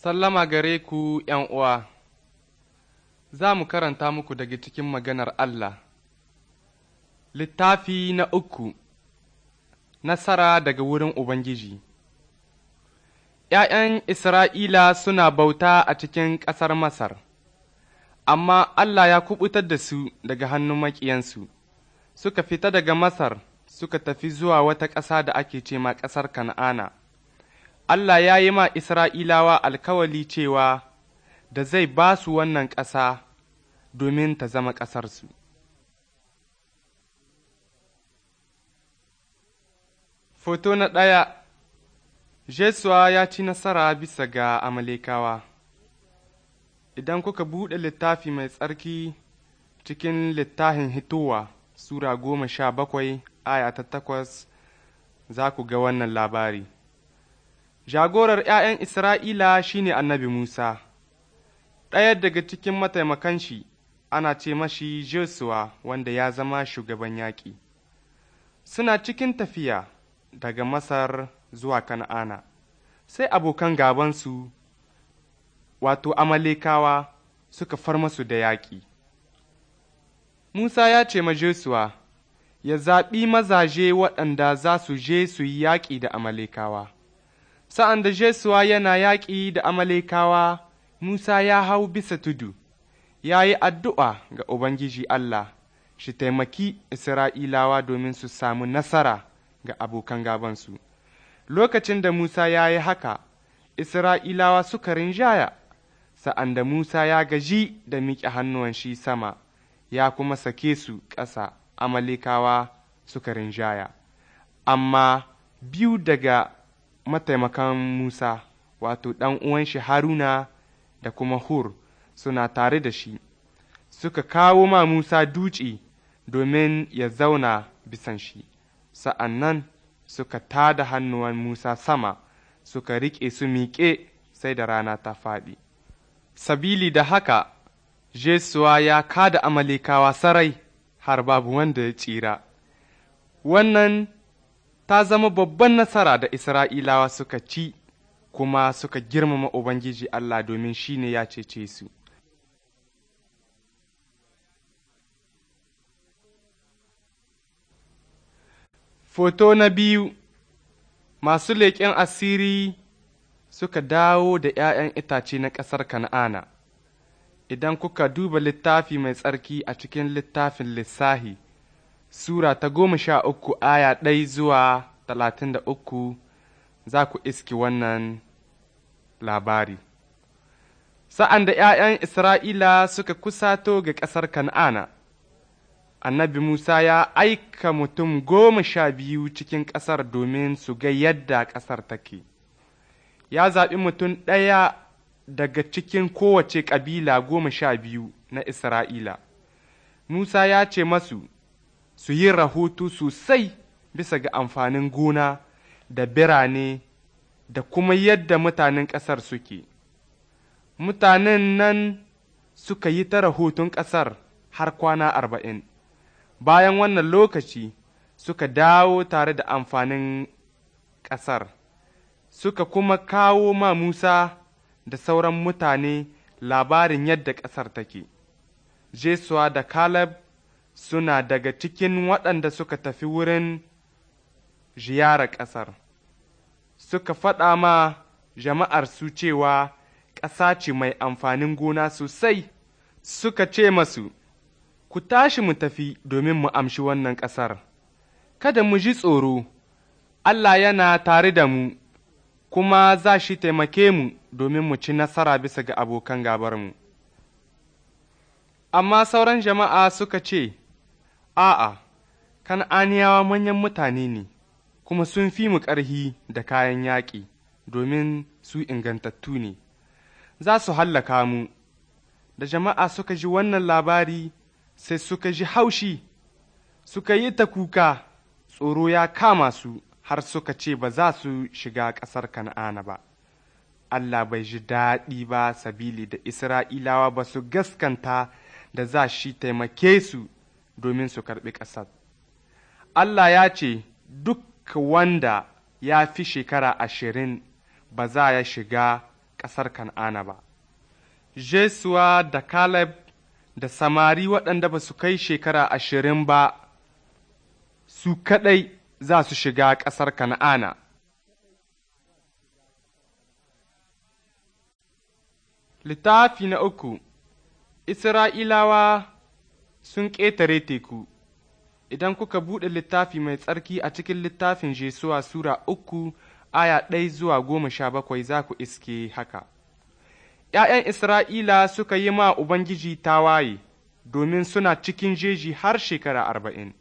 Sallama gare ku ’yan uwa, za mu karanta muku daga cikin maganar Allah. Littafi na uku Nasara daga wurin Ubangiji ’Ya'yan Isra'ila suna bauta a cikin ƙasar Masar, amma Allah ya kuɓutar da su daga hannun maƙiyansu, suka fita daga Masar suka tafi zuwa wata ƙasa da ake ce ma ƙasar Kan'ana. Allah ya yi ma Isra'ilawa alkawali cewa da zai ba su wannan ƙasa domin ta zama ƙasarsu. Foto na ɗaya Jesuwa ya ci nasara bisa ga Amalekawa Idan kuka buɗe littafi mai tsarki cikin littafin hitowa Sura goma sha bakwai aya ta takwas za ku ga wannan labari. jagorar ’ya'yan Isra'ila shi ne annabi Musa, ɗaya daga cikin mataimakan shi ana ce mashi Joshua wanda ya zama shugaban yaƙi. Suna cikin tafiya daga Masar zuwa kana'ana sai abokan gabansu, wato Amalekawa, suka far masu da yaƙi. Musa ya ce ma Joshua, ya zaɓi mazaje waɗanda za su je su yi yaƙi da Amalekawa. Sa'an da Jesuwa yana yaƙi da Amalekawa, Musa ya hau bisa tudu, ya yi addu'a ga Ubangiji Allah, shi taimaki Isra'ilawa domin su samu nasara ga abokan gabansu. Lokacin da Musa ya yi haka, Isra'ilawa suka rinjaya, sa'an da Musa ya gaji da miƙe hannuwan shi sama, ya kuma sake su ƙasa, Amalekawa suka rinjaya. Amma biyu daga mataimakan Musa, wato ɗan uwan shi Haruna da kuma Hur suna tare da shi, suka kawo ma Musa duci domin ya zauna bisan shi, sa'an nan suka tada hannuwan Musa sama, suka riƙe su miƙe sai da rana ta faɗi. Sabili da haka, Jesuwa ya kada amalikawa sarai har babu wanda ya tsira. Wannan ta zama babban nasara da Isra'ilawa suka ci kuma suka girmama Ubangiji Allah domin shi ne ya cece su. Foto na biyu Masu leƙen asiri suka dawo da ’ya'yan itace na ƙasar Kana'ana, idan kuka duba littafi mai tsarki a cikin littafin lissahi. Sura ta goma sha uku aya ɗai zuwa talatin da uku za ku iski wannan labari. Sa'an da ’ya'yan Isra'ila suka kusato ga ƙasar Kan'ana, annabi Musa ya aika mutum goma sha biyu cikin ƙasar domin su ga yadda ƙasar take. Ya zaɓi mutum ɗaya daga cikin kowace ƙabila goma sha biyu na Isra'ila. Musa ya ce masu, su yi rahoto sosai bisa ga amfanin gona da birane da kuma yadda mutanen ƙasar suke. Mutanen nan suka yi ta rahoton ƙasar har kwana arba'in, bayan wannan lokaci suka dawo tare da amfanin ƙasar, suka kuma kawo ma Musa da sauran mutane labarin yadda ƙasar take. Jesuwa da Caleb suna daga cikin waɗanda suka tafi wurin ziyara ƙasar, suka faɗa ma jama'ar su cewa ƙasa ce mai amfanin gona sosai, suka ce masu, Ku tashi mu tafi domin mu amshi wannan ƙasar, kada mu ji tsoro, Allah yana tare da mu, kuma za shi taimake mu domin mu ci nasara bisa ga abokan gabarmu. Amma sauran jama'a suka ce, A'a, Kan'aniyawa manyan mutane ne, kuma sun fi mu ƙarhi da kayan yaƙi, domin su ingantattu ne, za su hallaka mu. Da jama'a suka ji wannan labari, sai suka ji haushi, suka yi ta kuka, tsoro ya kama su har suka ce ba za su shiga ƙasar Kan'ana ba. Allah bai ji daɗi ba sabili da Isra'ilawa ba su gaskanta da za shi taimake su domin su karɓi ƙasar. Allah ya ce, Duk wanda ya fi shekara ashirin ba za ya shiga ƙasar Kan'ana ba. Jesuwa da Caleb da samari waɗanda ba su kai shekara ashirin ba, su kaɗai za su shiga ƙasar Kan'ana. Littafi na uku Isra'ilawa sun ƙetare teku, idan kuka buɗe littafi mai tsarki a cikin littafin Jesuwa Sura uku aya ɗai zuwa goma sha bakwai za ku iske haka. ’Ya'yan Isra'ila suka yi ma Ubangiji tawaye, domin suna cikin jeji har shekara arba'in.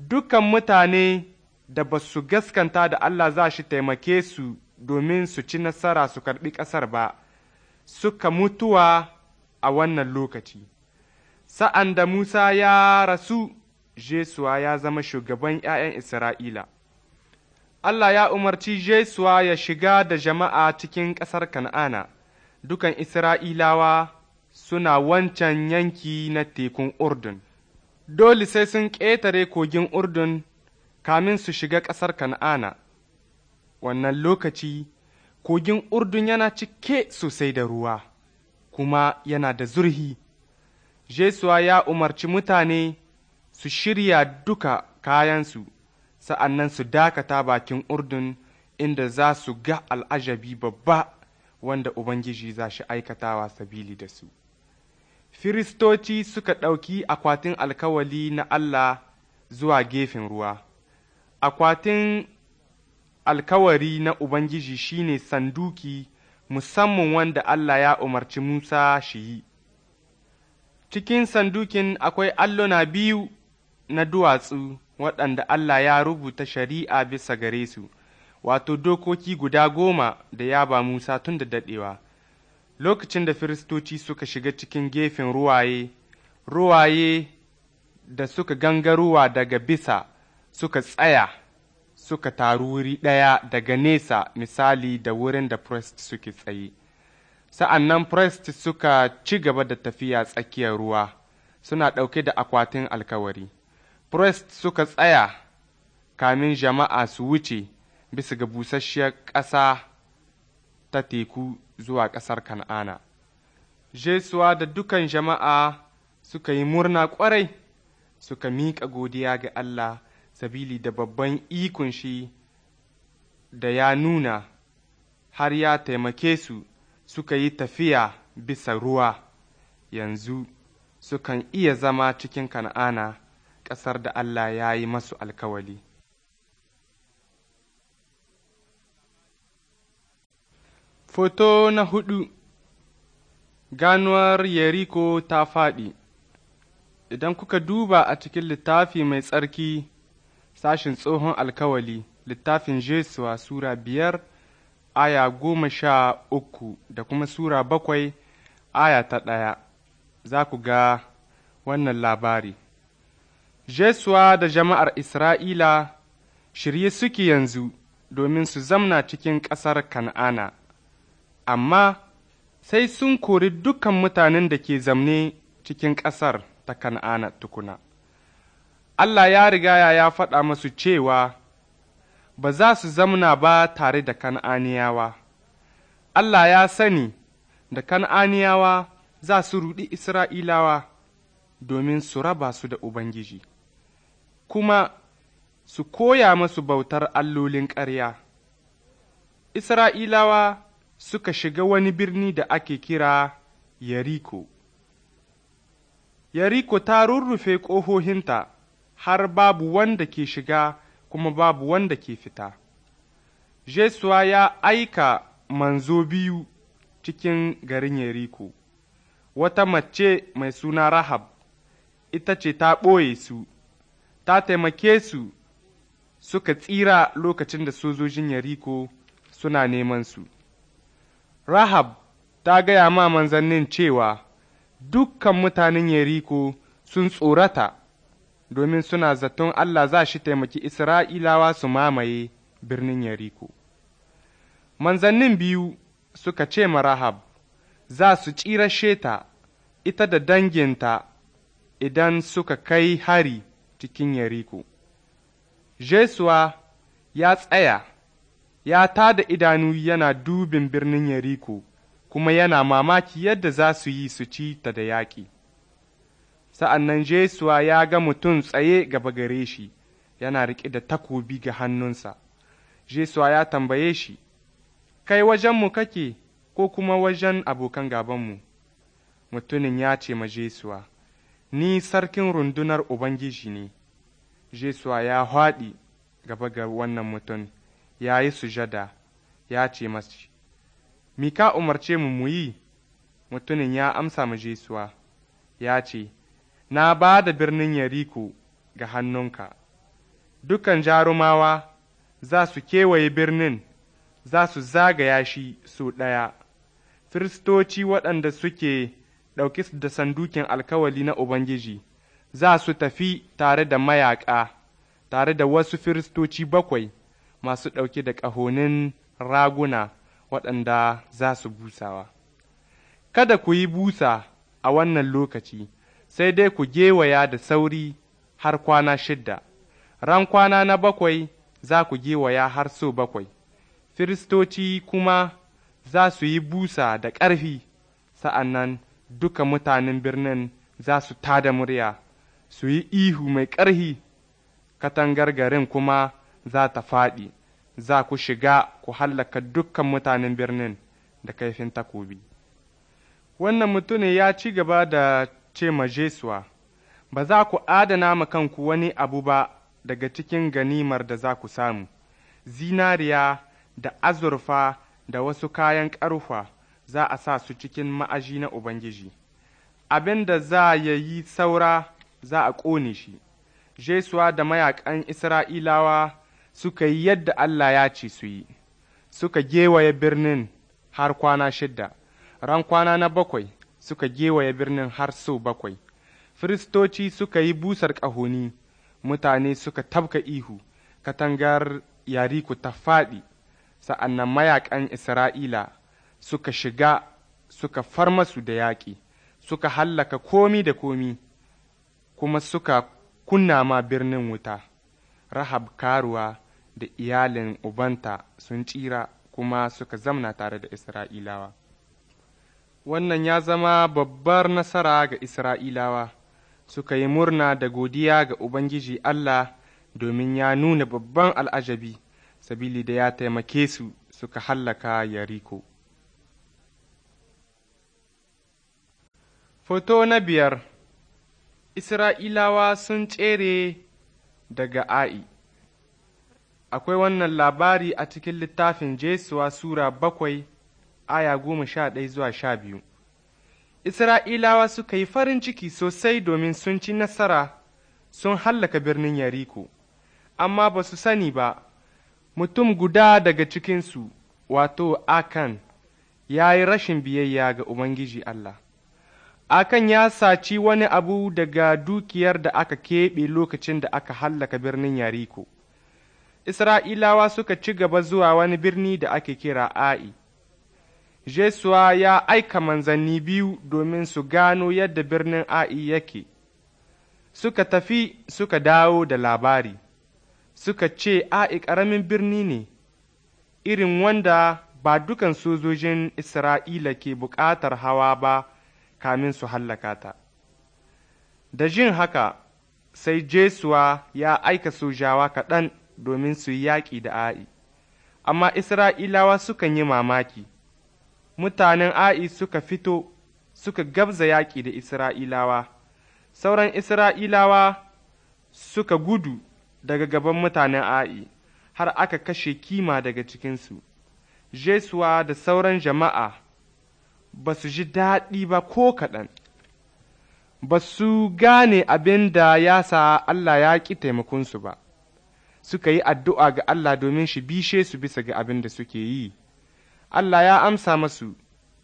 Dukan mutane da ba su gaskanta da Allah za shi taimake su domin su ci nasara su karɓi ƙasar ba, suka mutuwa a wannan lokaci. Sa'an da Musa ya rasu, Jesuwa ya zama shugaban ’ya'yan Isra'ila. Allah ya umarci Jesuwa ya shiga da jama'a cikin ƙasar Kan'ana, dukan Isra'ilawa suna wancan yanki na tekun Urdun. Dole sai sun ƙetare kogin Urdun kamin su shiga ƙasar Kan'ana. Wannan lokaci, kogin Urdun yana cike sosai da ruwa, kuma yana da zurhi. Jesuwa ya umarci mutane su shirya duka kayansu, sa'an nan su dakata bakin Urdun inda za su ga al'ajabi babba wanda Ubangiji za shi aikatawa sabili da su. Firistoci suka ɗauki akwatin alkawali na Allah zuwa gefen ruwa. Akwatin alkawari na Ubangiji shine sanduki musamman wanda Allah ya umarci Musa shi yi. cikin sandukin akwai allona biyu na duwatsu waɗanda Allah ya rubuta shari'a bisa gare su, wato dokoki guda goma da ya ba Musa tun da daɗewa. Lokacin da Firistoci suka shiga cikin gefen ruwaye, ruwaye da suka gangarowa daga bisa suka tsaya suka taru wuri ɗaya daga nesa misali da wurin da Firist suke tsaye. Sa'an nan Firist suka ci gaba da tafiya tsakiyar ruwa, suna ɗauke da akwatin alkawari. Firist suka tsaya kamin jama'a su wuce bisa ga busasshiyar ƙasa ta teku zuwa ƙasar Kan'ana. Jesuwa da dukan jama'a suka yi murna ƙwarai, suka miƙa godiya ga Allah sabili da babban ikon shi da ya nuna har ya taimake su suka yi tafiya bisa ruwa yanzu sukan iya zama cikin kan'ana ƙasar da Allah ya yi masu alkawali. Foto na hudu Ganuwar Yeriko ta faɗi Idan kuka duba a cikin littafi mai tsarki, sashin tsohon alkawali, littafin Jesuwa Sura biyar aya goma sha uku da kuma Sura bakwai aya ta ɗaya, za ku ga wannan labari. Jesuwa da jama'ar Isra'ila shirye suke yanzu domin su zamna cikin ƙasar Kan'ana, amma sai sun kori dukan mutanen da ke zamne cikin ƙasar ta Kan'ana tukuna. Allah ya riga ya faɗa masu cewa ba za su zamna ba tare da kan'aniyawa. Allah ya sani da kan'aniyawa za su ruɗi Isra'ilawa domin su raba su da Ubangiji, kuma su koya masu bautar allolin ƙarya. Isra'ilawa suka shiga wani birni da ake kira yariko yariko ta rurrufe ƙohohinta har babu wanda ke shiga kuma babu wanda ke fita. Jesuwa ya aika manzo biyu cikin garin Yeriko, wata mace mai suna Rahab, ita ce ta ɓoye su, ta taimake su suka tsira lokacin da sojojin Yeriko suna neman su. Rahab ta gaya ma manzannin cewa dukkan mutanen Yeriko sun tsorata. domin suna zaton Allah za shi taimaki Isra'ilawa su mamaye birnin yariko Manzannin biyu suka ce ma Rahab, za su tsirashe ta, ita da danginta idan suka kai hari cikin yariko Jesuwa ya tsaya, ya tā da idanu yana dubin birnin yariko kuma yana mamaki yadda za su yi su ci ta da yaƙi. sa'an nan Jesuwa ya ga mutum tsaye gaba gare shi, yana riƙe da takobi ga hannunsa. Jesuwa ya tambaye shi, Kai wajenmu kake ko kuma wajen abokan gabanmu? Mutumin ya ce ma Jesuwa, Ni sarkin rundunar Ubangiji ne. Jesuwa ya haɗi gaba ga wannan mutum, ya yi sujada, ya ce masu, Mika umarce mu muyi yi, mutumin ya amsa ma Jesuwa, ya ce, na ba da birnin Yeriko ga hannunka, dukan jarumawa za su kewaye birnin, za su zagaya shi su ɗaya, firistoci waɗanda suke ɗauki da sandukin alkawali na Ubangiji, za su tafi tare da mayaƙa, tare da wasu firistoci bakwai masu ɗauki da ƙahonin raguna waɗanda za su busawa. Kada ku yi busa a wannan lokaci. sai dai ku gewaya da sauri har kwana shidda, ran kwana na bakwai za ku gewaya har so bakwai, firistoci kuma za su yi busa da ƙarfi, sa'an nan duka mutanen birnin za su tada murya, su yi ihu mai ƙarfi, katangar garin kuma za ta faɗi, za ku shiga ku hallaka dukkan mutanen birnin da kaifin takobi. Wannan mutumin ya ci gaba da ce ma Jesuwa, Ba za ku adana ma kanku wani abu ba daga cikin ganimar da za ku samu, zinariya da azurfa da wasu kayan ƙarfa za a sa su cikin ma'aji na Ubangiji, abin da za ya yi saura za a ƙone shi, Jesuwa da mayaƙan Isra'ilawa suka yi yadda Allah ya ce su yi, suka gewaye birnin har kwana shidda, ran kwana na bakwai. suka gewaye birnin har sau bakwai, firistoci suka yi busar ƙahoni, mutane suka tabka ihu, katangar yariku ta faɗi, sa'an nan mayaƙan Isra'ila suka shiga suka far masu da yaƙi, suka hallaka komi da komi, kuma suka kunna ma birnin wuta. Rahab karuwa da iyalin ubanta sun tsira kuma suka zamna tare da Isra'ilawa. wannan ya zama babbar nasara ga Isra'ilawa, suka yi murna da godiya ga Ubangiji Allah domin ya nuna babban al'ajabi, sabili da ya taimake su suka hallaka Yariko. Foto na biyar Isra'ilawa sun tsere daga A'i Akwai wannan labari a cikin littafin Jesuwa Sura bakwai. aya goma sha ɗaya zuwa sha biyu. Isra'ilawa suka yi farin ciki sosai domin sun ci nasara sun hallaka birnin Yariko, amma ba su sani ba, mutum guda daga cikinsu, wato Akan, ya yi rashin biyayya ga Ubangiji Allah. Akan ya saci wani abu daga dukiyar da aka keɓe lokacin da aka hallaka birnin Yariko. Isra'ilawa suka ci gaba zuwa wani birni da ake kira A'i. Jesuwa ya aika manzanni biyu domin su gano yadda birnin A'i yake, suka tafi suka dawo da labari, suka ce A'i ƙaramin birni ne, irin wanda ba dukan sojojin Isra'ila ke buƙatar hawa ba kamin su hallaka ta. Da jin haka, sai Jesuwa ya aika sojawa kaɗan domin su yi yaƙi da A'i, amma Isra'ilawa sukan yi mamaki. mutanen A'i suka fito suka gabza yaƙi da Isra'ilawa, sauran Isra'ilawa suka gudu daga gaban mutanen A'i, har aka kashe kima daga cikinsu. Jesuwa da sauran jama'a ba su ji daɗi ba ko kaɗan, ba su gane abin da ya sa Allah ya ƙi taimakonsu ba, suka yi addu'a ga Allah domin shi bishe su bisa ga abin da suke yi. Allah ya amsa masu,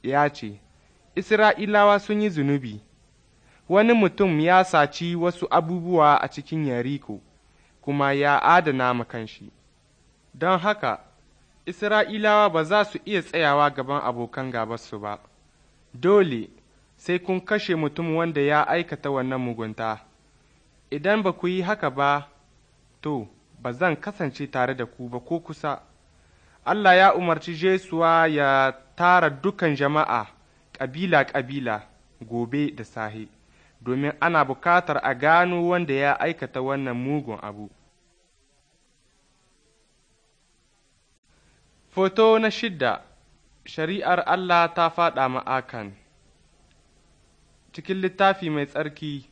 ya ce, Isra'ilawa sun yi zunubi, wani mutum ya saci wasu abubuwa a cikin Yariko, kuma ya adana makanshi. Don haka, Isra'ilawa ba za su iya tsayawa gaban abokan gabarsu ba, dole sai kun kashe mutum wanda ya aikata wannan mugunta, idan ba ku yi haka ba, to, ba zan kasance tare da ku ba ko kusa. Allah ya umarci Jesuwa ya tara dukan jama'a ƙabila-ƙabila gobe da sahi domin ana bukatar a gano wanda ya aikata wannan mugun abu. Foto na shidda Shari'ar Allah ta faɗa ma'akan Cikin littafi mai tsarki,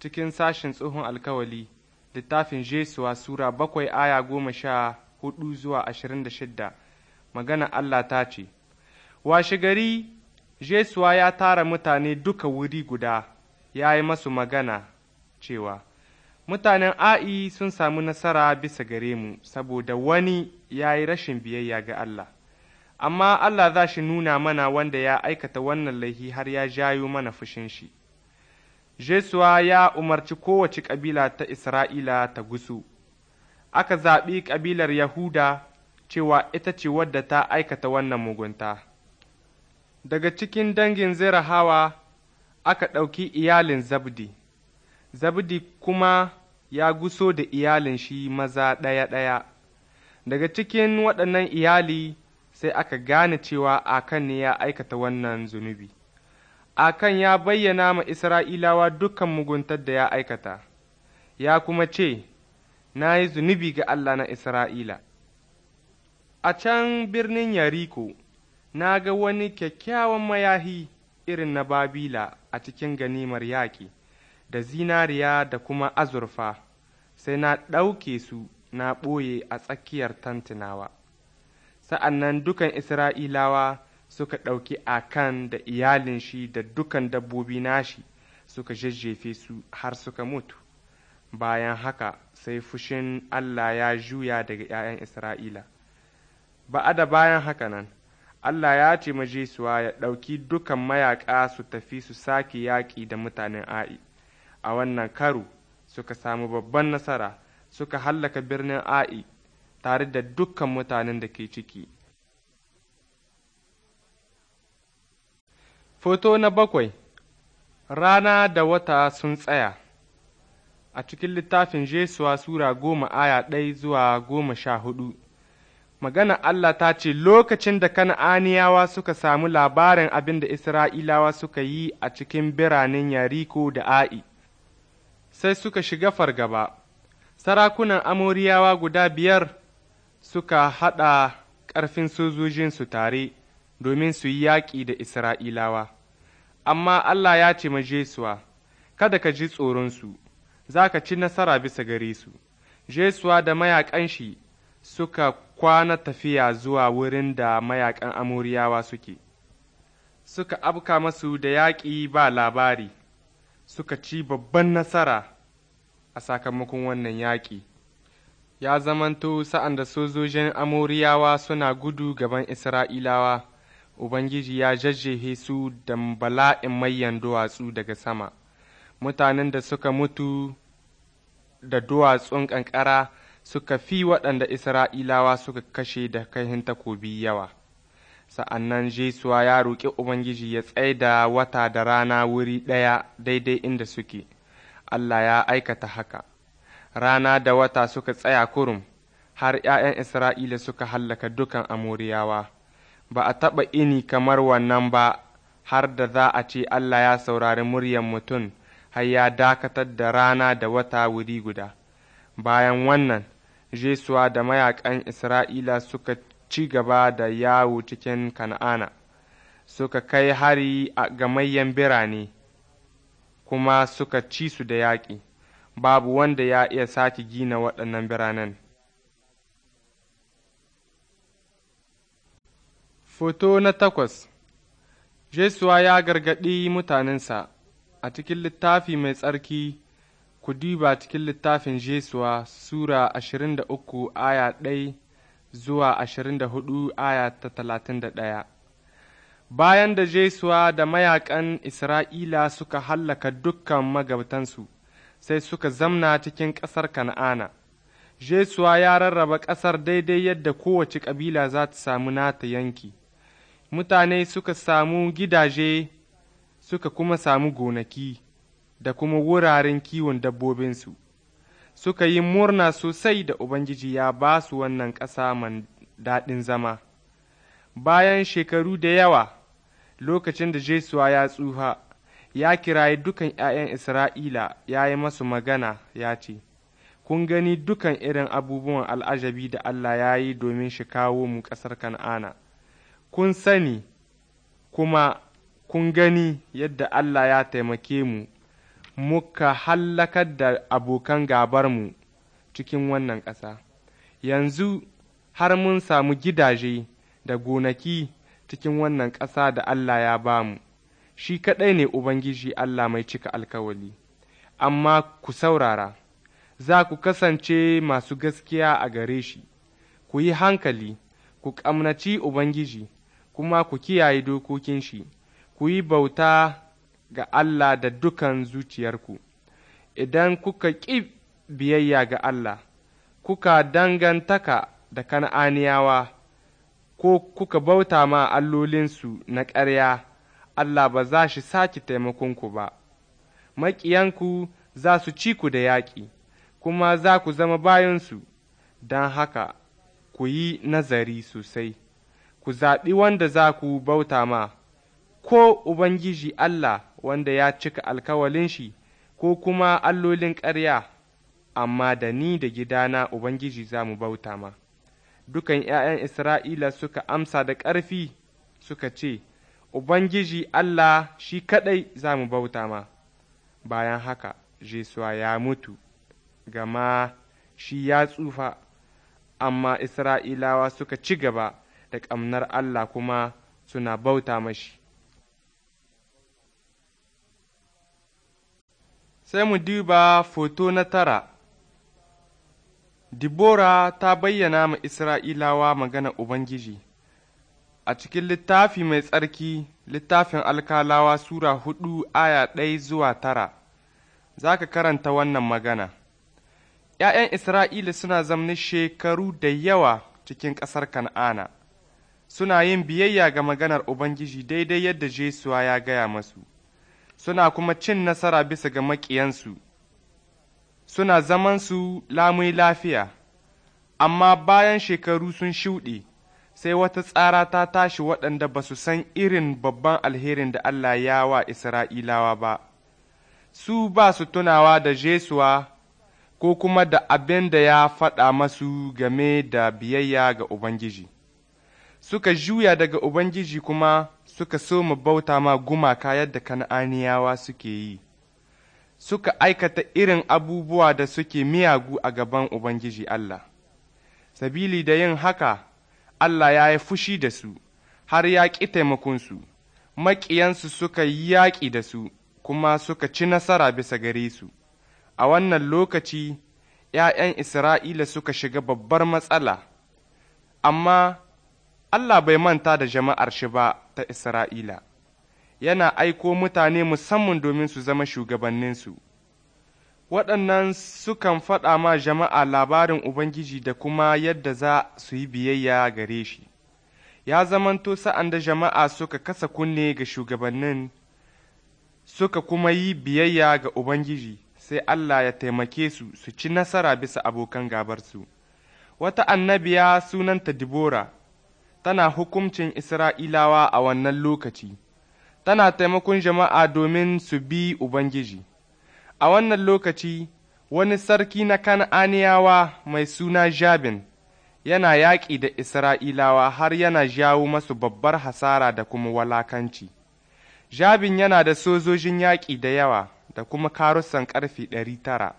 cikin sashen tsohon alkawali, littafin Jesuwa Sura bakwai aya goma sha hudu zuwa ashirin da shidda magana Allah ta ce, Washe gari, Jesuwa ya tara mutane duka wuri guda, ya yi masu magana cewa, Mutanen A'i sun samu nasara bisa gare mu, saboda wani ya yi rashin biyayya ga Allah. Amma Allah za shi nuna mana wanda ya aikata wannan laihi har ya jayo mana fushin shi. Jesuwa ya umarci kowace ƙabila ta Isra'ila ta gusu. aka zaɓi ƙabilar Yahuda cewa ita ce wadda ta aikata wannan mugunta. Daga cikin dangin Zerahawa aka ɗauki iyalin Zabdi, Zabdi kuma ya guso da iyalin shi maza ɗaya-ɗaya. Daga cikin waɗannan iyali sai aka gane cewa Akan ne ya aikata wannan zunubi. Akan ya bayyana ma Isra'ilawa dukan muguntar da ya aikata, ya kuma ce, na yi zunubi ga Allah na Isra'ila. A can birnin Yariko, na ga wani kyakkyawan mayahi irin na Babila a cikin ganimar yaƙi, da zinariya da kuma azurfa, sai na ɗauke su na ɓoye a tsakiyar tantinawa. Sa'an nan dukan Isra'ilawa suka ɗauki akan da iyalin shi da dukan dabbobi nashi suka jajjefe su har suka mutu. bayan haka sai fushin Allah ya juya daga ’ya'yan Isra'ila. Ba da bayan haka nan, Allah ya ce Jesuwa ya ɗauki dukan mayaƙa su tafi su sake yaƙi da mutanen A'i. A wannan karu suka samu babban nasara suka hallaka birnin A'i tare da dukkan mutanen da ke ciki. Foto na bakwai Rana da wata sun tsaya. a cikin littafin Jesuwa Sura goma aya ɗai zuwa goma sha hudu. Magana Allah ta ce, Lokacin da Kana'aniyawa suka samu labarin abin da Isra'ilawa suka yi a cikin biranen yari ko da A'i, sai suka shiga fargaba, sarakunan Amoriyawa guda biyar suka haɗa ƙarfin sojojinsu tare domin su yi yaƙi da Isra'ilawa, amma Allah ya ce ma Jesuwa, Kada ka ji tsoronsu. za ka ci nasara bisa gare su. Jesuwa da mayaƙan shi suka kwana tafiya zuwa wurin da mayaƙan amuriyawa suke, suka abka masu da yaƙi ba labari, suka ci babban nasara a sakamakon wannan yaƙi. Ya zamanto sa'an da sojojin amuriyawa suna gudu gaban Isra'ilawa, Ubangiji ya jajjehe su da bala'in mayan duwatsu daga sama. mutanen da suka mutu da duwatsun ƙanƙara suka fi waɗanda Isra'ilawa suka kashe da kaihin takobi yawa. sa'annan Jesuwa ya roƙi Ubangiji ya tsaida wata da rana wuri ɗaya daidai inda suke, Allah ya aikata haka. Rana da wata suka tsaya kurum, har ’ya'yan Isra'ila suka hallaka dukan Amoriyawa. Ba a taɓa ini kamar wannan ba, har da za a ce Allah ya saurari muryar mutum har ya dakatar da rana da wata wuri guda. Bayan wannan, Jesuwa da mayakan Isra'ila suka ci gaba da yawo cikin Kan'ana, suka kai hari a gamayyan birane, kuma suka ci su da yaƙi, babu wanda ya iya sake gina waɗannan biranen. Foto na takwas Jesuwa ya gargaɗi mutanensa a cikin littafi mai tsarki ku diba cikin littafin Jesuwa Sura ashirin da uku aya ɗai zuwa ashirin da hudu aya ta talatin da ɗaya. Bayan da Jesuwa da mayaƙan Isra'ila suka hallaka dukkan magabtansu, sai suka zamna cikin ƙasar Kan'ana. Jesuwa ya rarraba ƙasar daidai yadda kowace ƙabila za ta samu nata yanki. Mutane suka samu gidaje suka kuma samu gonaki da kuma wuraren kiwon dabbobinsu, suka yi murna sosai da Ubangiji ya ba su wannan ƙasa man daɗin zama. Bayan shekaru da yawa, lokacin da Jesuwa ya tsufa ya kiraye dukan ’ya'yan Isra'ila ya yi masu magana ya ce, Kun gani dukan irin abubuwan al'ajabi da Allah ya yi domin shi kawo mu ƙasar Kan'ana, kun sani kuma kun gani yadda Allah ya taimake mu, muka hallakar da abokan gabarmu cikin wannan ƙasa, yanzu har mun samu gidaje da gonaki cikin wannan ƙasa da Allah ya ba mu, shi kaɗai ne Ubangiji Allah mai cika alkawali, amma ku saurara, za ku kasance masu gaskiya a gare shi, ku yi hankali, ku ƙamnaci Ubangiji, kuma ku kiyaye dokokin shi. ku yi bauta ga Allah da dukan zuciyarku, idan kuka ƙi biyayya ga Allah, kuka dangantaka da kan'aniyawa, ko kuka bauta ma allolinsu na ƙarya, Allah ba za shi sake taimakonku ba, maƙiyanku za su ci ku da yaƙi, kuma za ku zama bayansu, don haka ku yi nazari sosai, ku zaɓi wanda za ku bauta ma. ko Ubangiji Allah wanda ya cika alkawalin shi ko kuma allolin ƙarya, amma da ni da gidana Ubangiji za mu bauta ma. Dukan ’ya'yan Isra'ila suka amsa da ƙarfi suka ce, Ubangiji Allah shi kaɗai za mu bauta ma. Bayan haka, Jesuwa ya mutu, gama shi ya tsufa, amma Isra'ilawa suka ci gaba da ƙamnar Allah kuma suna bauta mashi. sai mu duba foto na tara dibora ta bayyana ma isra'ilawa magana ubangiji a cikin littafi mai tsarki littafin alkalawa sura hudu aya ɗaya zuwa tara za ka karanta wannan magana ’ya'yan isra'ila suna zamni shekaru da yawa cikin ƙasar kan'ana suna yin biyayya ga maganar ubangiji daidai yadda jesuwa ya gaya masu suna kuma cin nasara bisa ga maƙiyansu, suna zamansu lamai lafiya, amma bayan shekaru sun shuɗe, sai wata tsara ta tashi waɗanda ba su san irin babban alherin da Allah ya wa Isra'ilawa ba, su ba su tunawa da Jesuwa ko kuma da abin da ya faɗa masu game da biyayya ga Ubangiji. suka juya daga Ubangiji kuma suka so mu bauta ma gumaka yadda kan'aniyawa suke yi, suka aikata irin abubuwa da suke miyagu a gaban Ubangiji Allah. Sabili da yin haka, Allah ya yi fushi da su, har ya ƙi taimakonsu, maƙiyansu suka yi yaƙi da su, kuma suka ci nasara bisa gare su. A wannan lokaci, ’ya'yan Isra'ila suka shiga babbar matsala, amma Allah bai manta da jama'ar shi ba ta Isra'ila, yana aiko mutane musamman domin su zama shugabanninsu. Waɗannan sukan faɗa ma jama'a labarin Ubangiji da kuma yadda za su yi biyayya gare shi. Ya zamanto sa'an da jama'a suka kasa kunne ga shugabannin, suka kuma yi biyayya ga Ubangiji, sai Allah ya taimake su su ci nasara bisa abokan gabarsu. Wata annabiya sunanta Dibora. tana hukuncin Isra'ilawa a wannan lokaci, tana taimakon jama'a domin su bi Ubangiji. A wannan lokaci, wani sarki na Kan'aniyawa mai suna Jabin yana yaƙi da Isra'ilawa har yana jawo masu babbar hasara da kuma walakanci. Jabin yana da sojojin yaƙi da yawa da kuma karusan ƙarfi ɗari tara.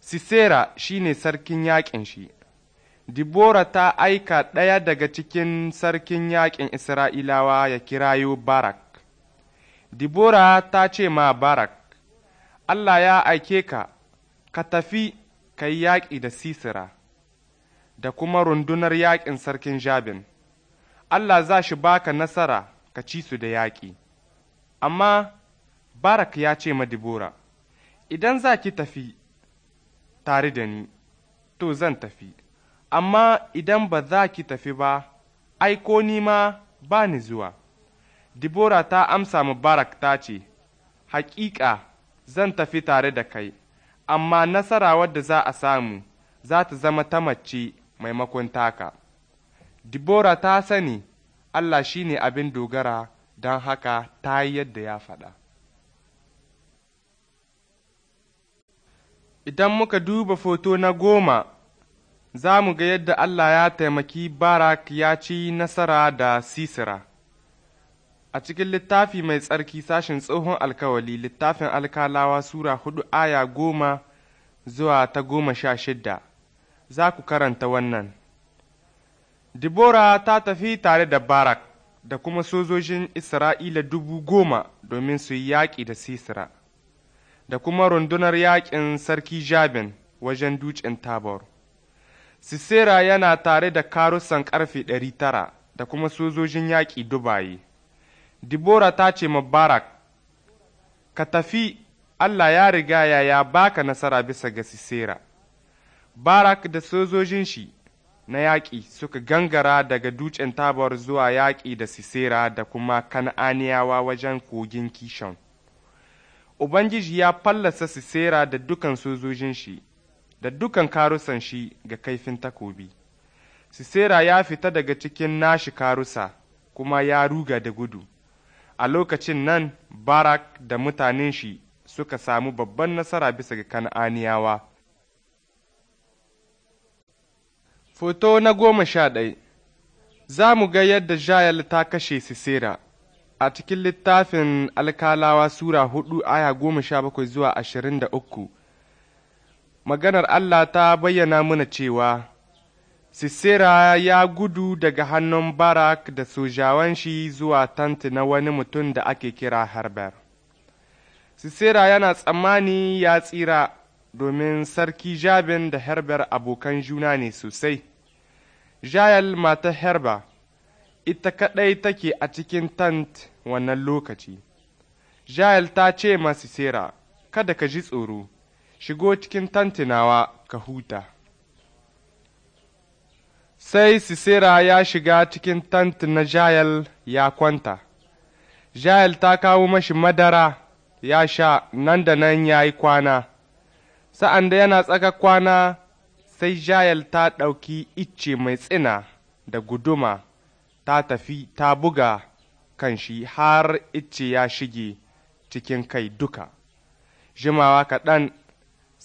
Sisera shi ne sarkin yaƙin shi, Dibora ta aika ɗaya daga cikin sarkin yaƙin Isra'ilawa ya kirayo Barak. Dibora ta ce ma Barak, Allah ya aike ka, ka tafi ka yi yaƙi da Sisira, da kuma rundunar yaƙin sarkin Jabin. Allah za shi baka nasara ka ci su da yaƙi. Amma Barak ya ce ma Dibora, Idan za ki tafi tare da ni, to zan tafi. amma idan ba za ki tafi ba, ai, ko ni ma ba ni zuwa. Dibora ta amsa Mubarak ta ce, Hakika zan tafi tare da kai, amma nasara wadda za a samu za ta zama ta mace maimakon taka. Dibora ta sani Allah shi ne abin dogara don haka ta yi yadda ya faɗa. Idan muka duba foto na goma za mu ga yadda Allah ya taimaki Barak ya ci nasara da Sisira. A cikin littafi mai tsarki sashin tsohon alkawali littafin alkalawa Sura hudu aya goma zuwa ta goma sha shidda, za ku karanta wannan. Dibora ta tafi tare da Barak da kuma sojojin Isra'ila dubu goma domin su yi yaƙi da Sisira, da kuma rundunar yaƙin sarki Jabin wajen dutsen Tabor. Sisera yana tare da karusan ƙarfe ɗari tara da kuma sojojin yaƙi dubaye. Dibora ta ce ma Barak, Ka tafi, Allah ya riga ya ya baka nasara bisa ga Sisera. Barak da sojojin shi na yaƙi suka gangara daga dutsen tabar zuwa yaƙi da Sisera da kuma Kan'aniyawa wajen kogin Kishon. Ubangiji ya fallasa Sisera da dukan sojojin shi. da dukan karusan shi ga kaifin takobi. Sisera ya fita daga cikin nashi karusa kuma ya ruga da gudu. A lokacin nan Barak da mutanen shi suka samu babban nasara bisa ga Kan'aniyawa. Foto na goma sha ɗai Za mu ga yadda Jayal ta kashe Sisera a cikin littafin alkalawa Sura hudu aya goma sha bakwai zuwa ashirin da uku. maganar Allah ta bayyana mana cewa, Sisera ya gudu daga hannun Barak da sojawan shi zuwa tanti na wani mutum da ake kira Harbar. Sisera yana tsammani ya tsira domin sarki Jabin da Herber abokan juna ne sosai. Jayal mata Herba, ita kaɗai take a cikin tant wannan lokaci. Jayal ta ce ma Sisera, kada ka ji tsoro. shigo cikin tantinawa ka huta. Sai Sisera ya shiga cikin tantin na Jayal ya kwanta, Jayal ta kawo mashi madara ya sha nan da nan ya yi kwana, sa'an da yana tsaka kwana sai Jayal ta ɗauki icce mai tsina da guduma ta tafi ta buga kan shi har icce ya shige cikin kai duka. Jimawa kaɗan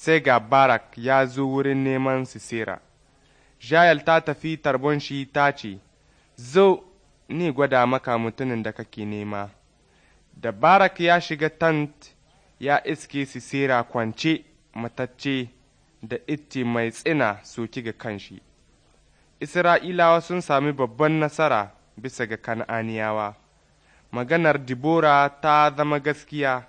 sai ga Barak ya zo wurin neman Sisera. Jayal ta tafi tarbon shi ta ce, Zo, ni gwada maka mutumin da kake nema. Da Barak ya shiga tant ya iske Sisera kwance matacce da itti mai tsina soki ga kanshi. Isra'ilawa sun sami babban nasara bisa ga Kan'aniyawa. Maganar Dibora ta zama gaskiya.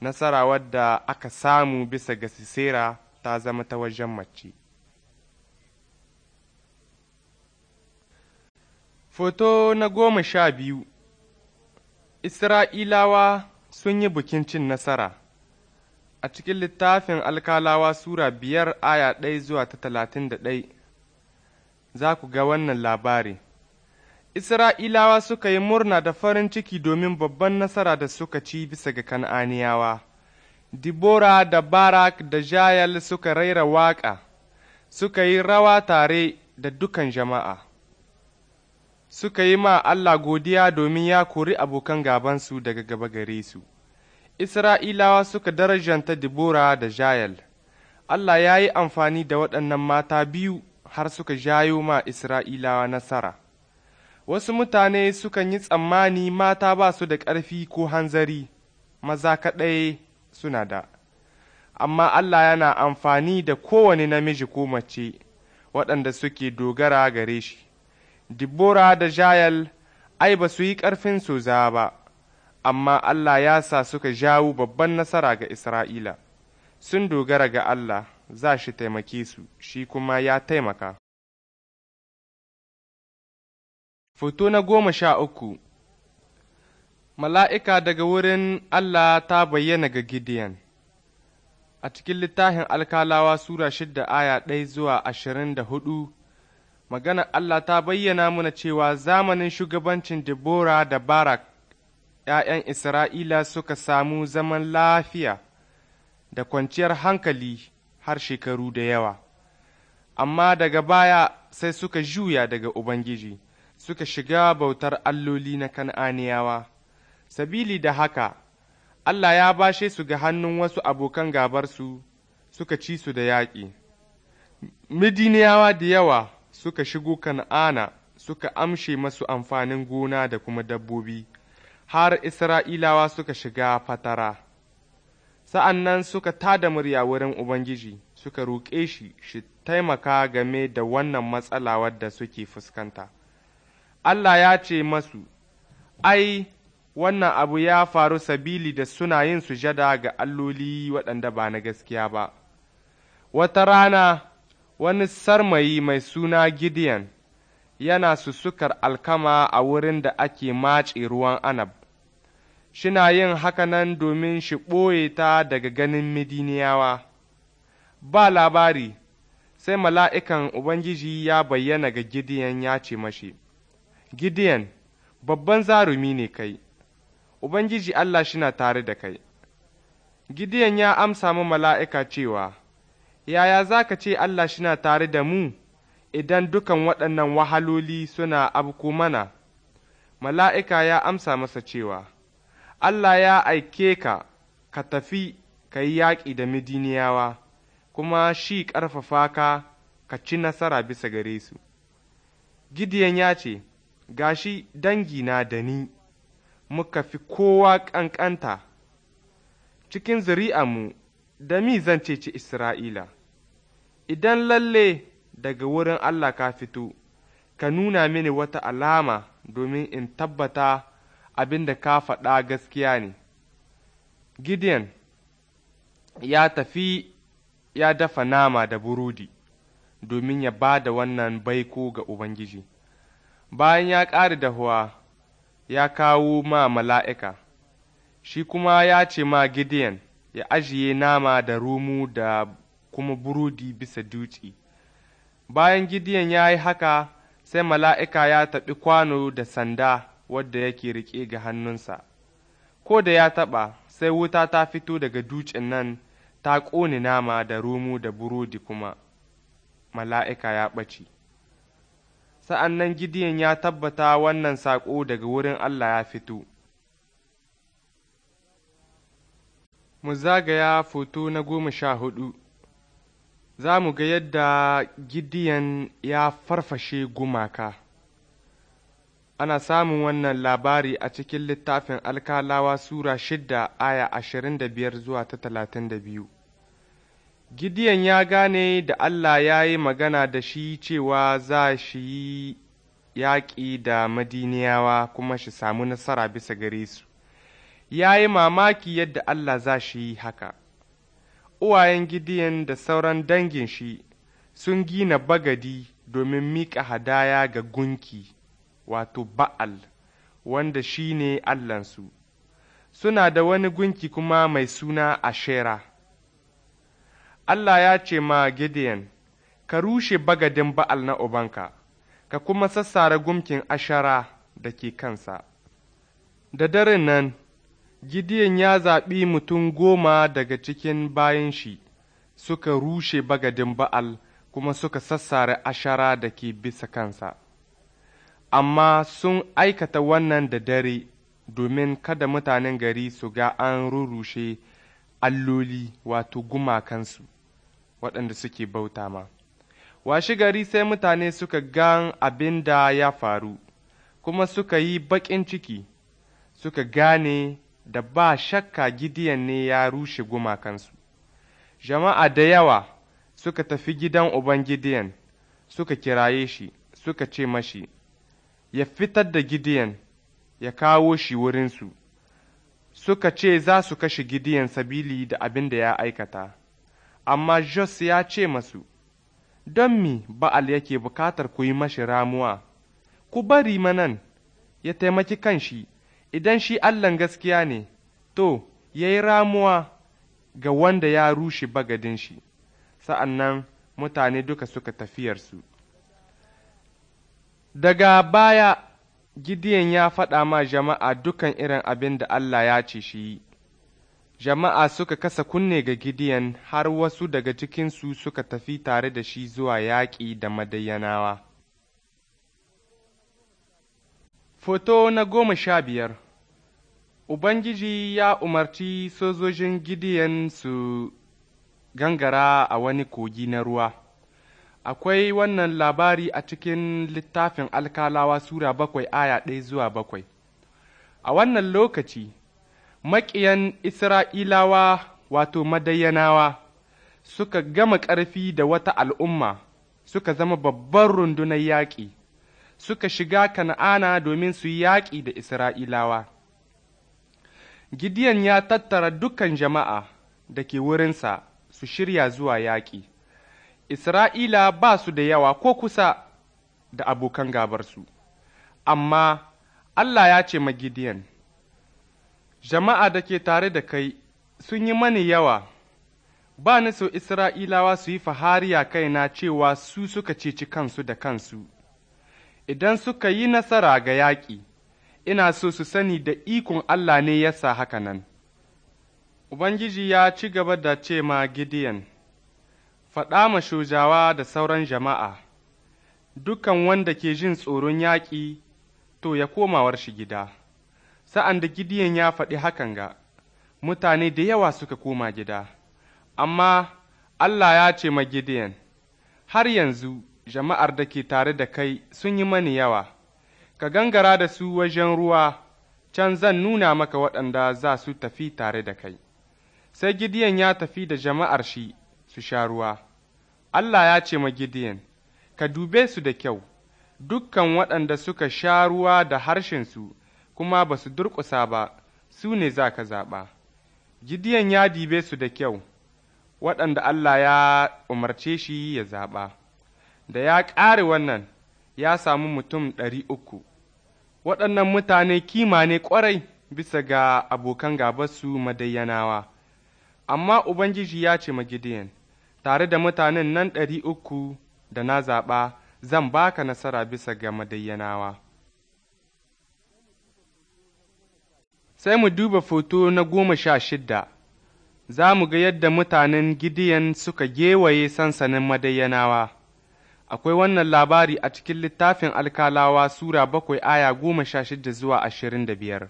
nasara wadda aka samu bisa ga sisera ta zama ta wajen mace. Foto na goma sha biyu Isra'ilawa sun yi bikin cin nasara A cikin littafin alkalawa Sura biyar aya ɗaya zuwa ta talatin da ɗai, za ku ga wannan labari. Isra'ilawa suka yi murna da farin ciki domin babban nasara da suka ci bisa ga Kan'aniyawa. Dibora da Barak da Jayal suka raira waƙa, suka yi rawa tare da dukan jama'a. Suka yi ma Allah godiya domin ya kori abokan gabansu daga gaba gare su. Isra'ilawa suka darajanta Dibora da Jayal. Allah ya yi amfani da waɗannan mata biyu har suka jayo ma Isra'ilawa nasara. Wasu mutane sukan yi tsammani mata ba su da ƙarfi ko hanzari, maza kaɗai suna da. Amma Allah yana amfani da kowane namiji ko mace waɗanda suke dogara gare shi. Dibora da Jayal ai ba su yi ƙarfin soza ba, amma Allah ya sa suka jawo babban nasara ga Isra'ila. Sun dogara ga Allah, za shi taimake su, shi kuma ya taimaka. Foto na goma sha uku Mala'ika daga wurin Allah ta bayyana ga Gideon A cikin littafin alkalawa Sura shidda aya ɗaya zuwa ashirin da hudu, maganar Allah ta bayyana mana cewa zamanin shugabancin Debora da Barak ’ya'yan Isra'ila suka samu zaman lafiya da kwanciyar hankali har shekaru da yawa, amma daga baya sai suka juya daga Ubangiji. suka shiga bautar alloli na Kan'aniyawa, sabili da haka, Allah ya bashe su ga hannun wasu abokan gabarsu suka ci su da yaƙi. Midiniyawa da yawa suka shigo Kan'ana suka amshe masu amfanin gona da kuma dabbobi, har Isra'ilawa suka shiga fatara. Sa'an nan suka tada murya wurin Ubangiji, suka roƙe shi shi taimaka game da wannan matsala wadda suke fuskanta. Allah ya ce masu, Ai, wannan abu ya faru sabili da suna yin sujada ga alloli waɗanda ba na gaskiya ba. Wata rana, wani sarmayi mai suna Gideon yana susukar alkama a wurin da ake mace ruwan anab, shina yin haka nan domin shi ɓoye ta daga ganin Midiniyawa. Ba labari, sai mala'ikan Ubangiji ya bayyana ga Gideon ya ce mashi. Gideon, babban zarumi ne kai, Ubangiji Allah shina tare da kai. Gideon ya amsa ma mala'ika cewa, Yaya za ka ce Allah shina tare da mu idan dukan waɗannan wahaloli suna abku mana? Mala'ika ya amsa masa cewa, Allah ya aike ka, ka tafi ka yi yaƙi da Midiniyawa, kuma shi ƙarfafa ka, ka ci nasara bisa gare su. Gideon ya ce, gashi dangina da ni muka fi kowa ƙanƙanta, cikin zuri'amu da mi zan ceci Isra'ila, idan lalle daga wurin Allah ka fito, ka nuna mini wata alama domin in tabbata abin da ka faɗa gaskiya ne. Gideon ya tafi ya dafa nama da burudi domin ya ba da wannan baiko ga Ubangiji. bayan ya ƙara dahuwa ya kawo ma mala'ika, shi kuma ya ce ma Gideon ya ajiye nama da rumu da kuma burodi bisa dutse. Bayan Gideon ya yi haka, sai mala'ika ya taɓi kwano da sanda wadda yake riƙe ga hannunsa. Ko da ya taɓa, sai wuta ta fito daga dutsen nan ta ƙone nama da rumu da burodi kuma, mala'ika ya ɓace. sa'an nan Gideon ya tabbata wannan saƙo daga wurin Allah ya fito. Mu zagaya foto na goma sha hudu, za mu ga yadda Gideon ya farfashe gumaka. Ana samun wannan labari a cikin littafin alkalawa Sura shidda aya ashirin da biyar zuwa ta talatin da biyu. Gideon ya gane da Allah ya yi magana da shi cewa za shi yi yaƙi da Madiniyawa kuma shi samu nasara bisa gare su, ya yi mamaki yadda Allah za shi yi haka. Uwayen Gideon da sauran dangin shi sun gina bagadi domin mika hadaya ga gunki, wato Ba'al, wanda shi ne Allahnsu, suna da wani gunki kuma mai suna Ashera. Allah ya ce ma Gideon, Ka rushe bagadin ba'al na ubanka, ka kuma sassara gumkin ashara da ke kansa. Da daren nan, Gideon ya zaɓi mutum goma daga cikin bayan shi, suka rushe bagadin ba'al kuma suka sassara ashara da ke bisa kansa. Amma sun aikata wannan da dare domin kada mutanen gari su ga an rurrushe alloli wato gumakansu. waɗanda suke bauta ma. Washi gari sai mutane suka gan abin da ya faru, kuma suka yi baƙin ciki, suka gane da ba shakka gidiyan ne ya rushe gumakansu. Jama'a da yawa suka tafi gidan Uban Gideon, suka kiraye shi, suka ce mashi, ya fitar da gidiyan ya kawo shi wurinsu, suka ce za su kashe gidiyan sabili da abin da ya aikata. amma Jos ya ce masu, Don mi Ba'al yake bukatar ku yi mashi ramuwa, ku bari manan, ya taimaki kanshi, idan shi Allahn gaskiya ne, to, ya yi ramuwa ga wanda ya rushe bagadin shi, sa'an nan mutane duka suka tafiyarsu. Daga baya, Gideon ya faɗa ma jama'a dukan irin abin da Allah ya ce shi yi. Jama'a suka kasa kunne ga Gideon har wasu daga cikinsu suka tafi tare da shi zuwa yaƙi da madayyanawa. Foto na goma sha biyar Ubangiji ya umarci sojojin Gideon su gangara a wani kogi na ruwa. Akwai wannan labari a cikin littafin alkalawa Sura bakwai aya ɗaya zuwa bakwai. A wannan lokaci, maƙiyan Isra'ilawa wato Madayyanawa suka gama ƙarfi da wata al'umma suka zama babban rundunar yaƙi, suka shiga Kana'ana domin su yi yaƙi da Isra'ilawa. Gidiyan ya tattara dukan jama'a da ke wurinsa su shirya zuwa yaƙi. Isra'ila ba su da yawa ko kusa da abokan gabarsu, amma Allah ya ce ma Gideon, jama'a da ke tare da kai sun yi mani yawa, ba ni so Isra'ilawa su yi fahariya kaina cewa su suka ceci kansu da kansu, idan suka yi nasara ga yaƙi, ina so su sani da ikon Allah ne ya sa haka nan. Ubangiji ya ci gaba da ce ma Gideon, faɗa ma shojawa da sauran jama'a, dukan wanda ke jin tsoron yaƙi, to ya komawar shi gida. Sa'an da Gideon ya faɗi hakan ga, mutane da yawa suka koma gida, amma Allah ya ce ma gidiyan Har yanzu jama'ar da ke tare da kai sun yi mani yawa, ka gangara da su wajen ruwa, can zan nuna maka waɗanda za su tafi tare da kai. Sai gidiyan ya tafi da jama'ar shi su sha ruwa. Allah ya ce ma gidiyan Ka dube su da kyau, dukkan waɗanda suka sha ruwa da harshensu kuma ba su durƙusa ba, su ne za ka zaɓa. Gideon ya dibe su da kyau, waɗanda Allah ya umarce shi ya zaɓa, da ya ƙare wannan ya samu mutum ɗari uku, waɗannan mutane kima ne ƙwarai bisa ga abokan gabasu madayyanawa. Amma Ubangiji ya ce ma Gideon, tare da mutanen nan ɗari uku da na zaɓa zan baka nasara bisa ga madayyanawa. sai mu duba foto na goma sha shida za mu ga yadda mutanen Gideon suka gewaye sansanin Madayyanawa. Akwai wannan labari a cikin littafin alkalawa Sura bakwai aya goma sha shida zuwa ashirin da biyar.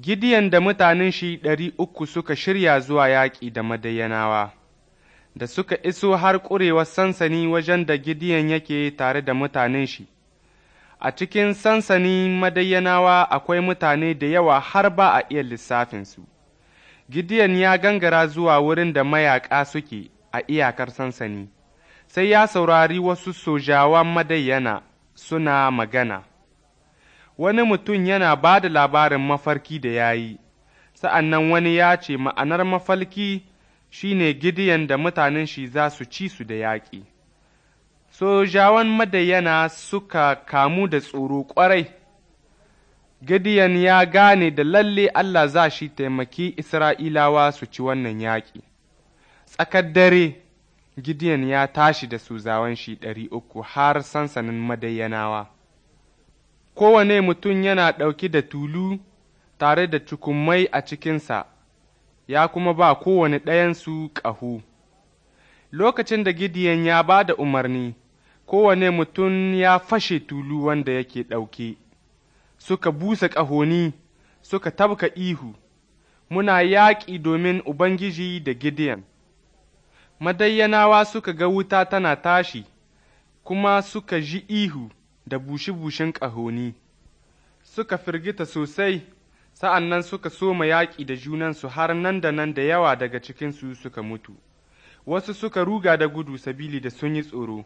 Gideon da mutanen shi ɗari uku suka shirya zuwa yaƙi da Madayyanawa, da suka iso har ƙurewar sansani wajen da Gideon yake tare da mutanen shi. a cikin sansanin madayyanawa akwai mutane da yawa har ba a iya lissafinsu. Gideon ya gangara zuwa wurin da mayaƙa suke a iyakar sansani, sai ya saurari wasu sojawan madayyana suna magana. Wani mutum yana ba da labarin mafarki da ya yi, sa'an nan wani ya ce ma'anar mafarki shi ne Gideon da mutanen shi za su ci su da yaƙi. sojawan madayana suka kamu da tsoro ƙwarai, Gideon ya gane da lalle Allah za shi taimaki Isra'ilawa su ci wannan yaƙi. Tsakar dare, Gideon ya tashi da suzawan shi ɗari uku har sansanin madayanawa. Kowane mutum yana ɗauki da tulu tare da cukummai a cikinsa, ya kuma ba kowane ɗayansu ƙaho. Lokacin da Gideon ya ba da umarni, kowane mutum ya fashe tulu wanda yake ɗauke, suka busa ƙahoni, suka tabka ihu, muna yaƙi domin Ubangiji da Gideon. Madayyanawa suka ga wuta tana tashi, kuma suka ji ihu da bushe-bushen ƙahoni, suka firgita sosai, sa'an nan suka soma yaƙi da junansu har nan da nan da yawa daga cikinsu suka mutu, wasu suka ruga da gudu sabili da sun yi tsoro.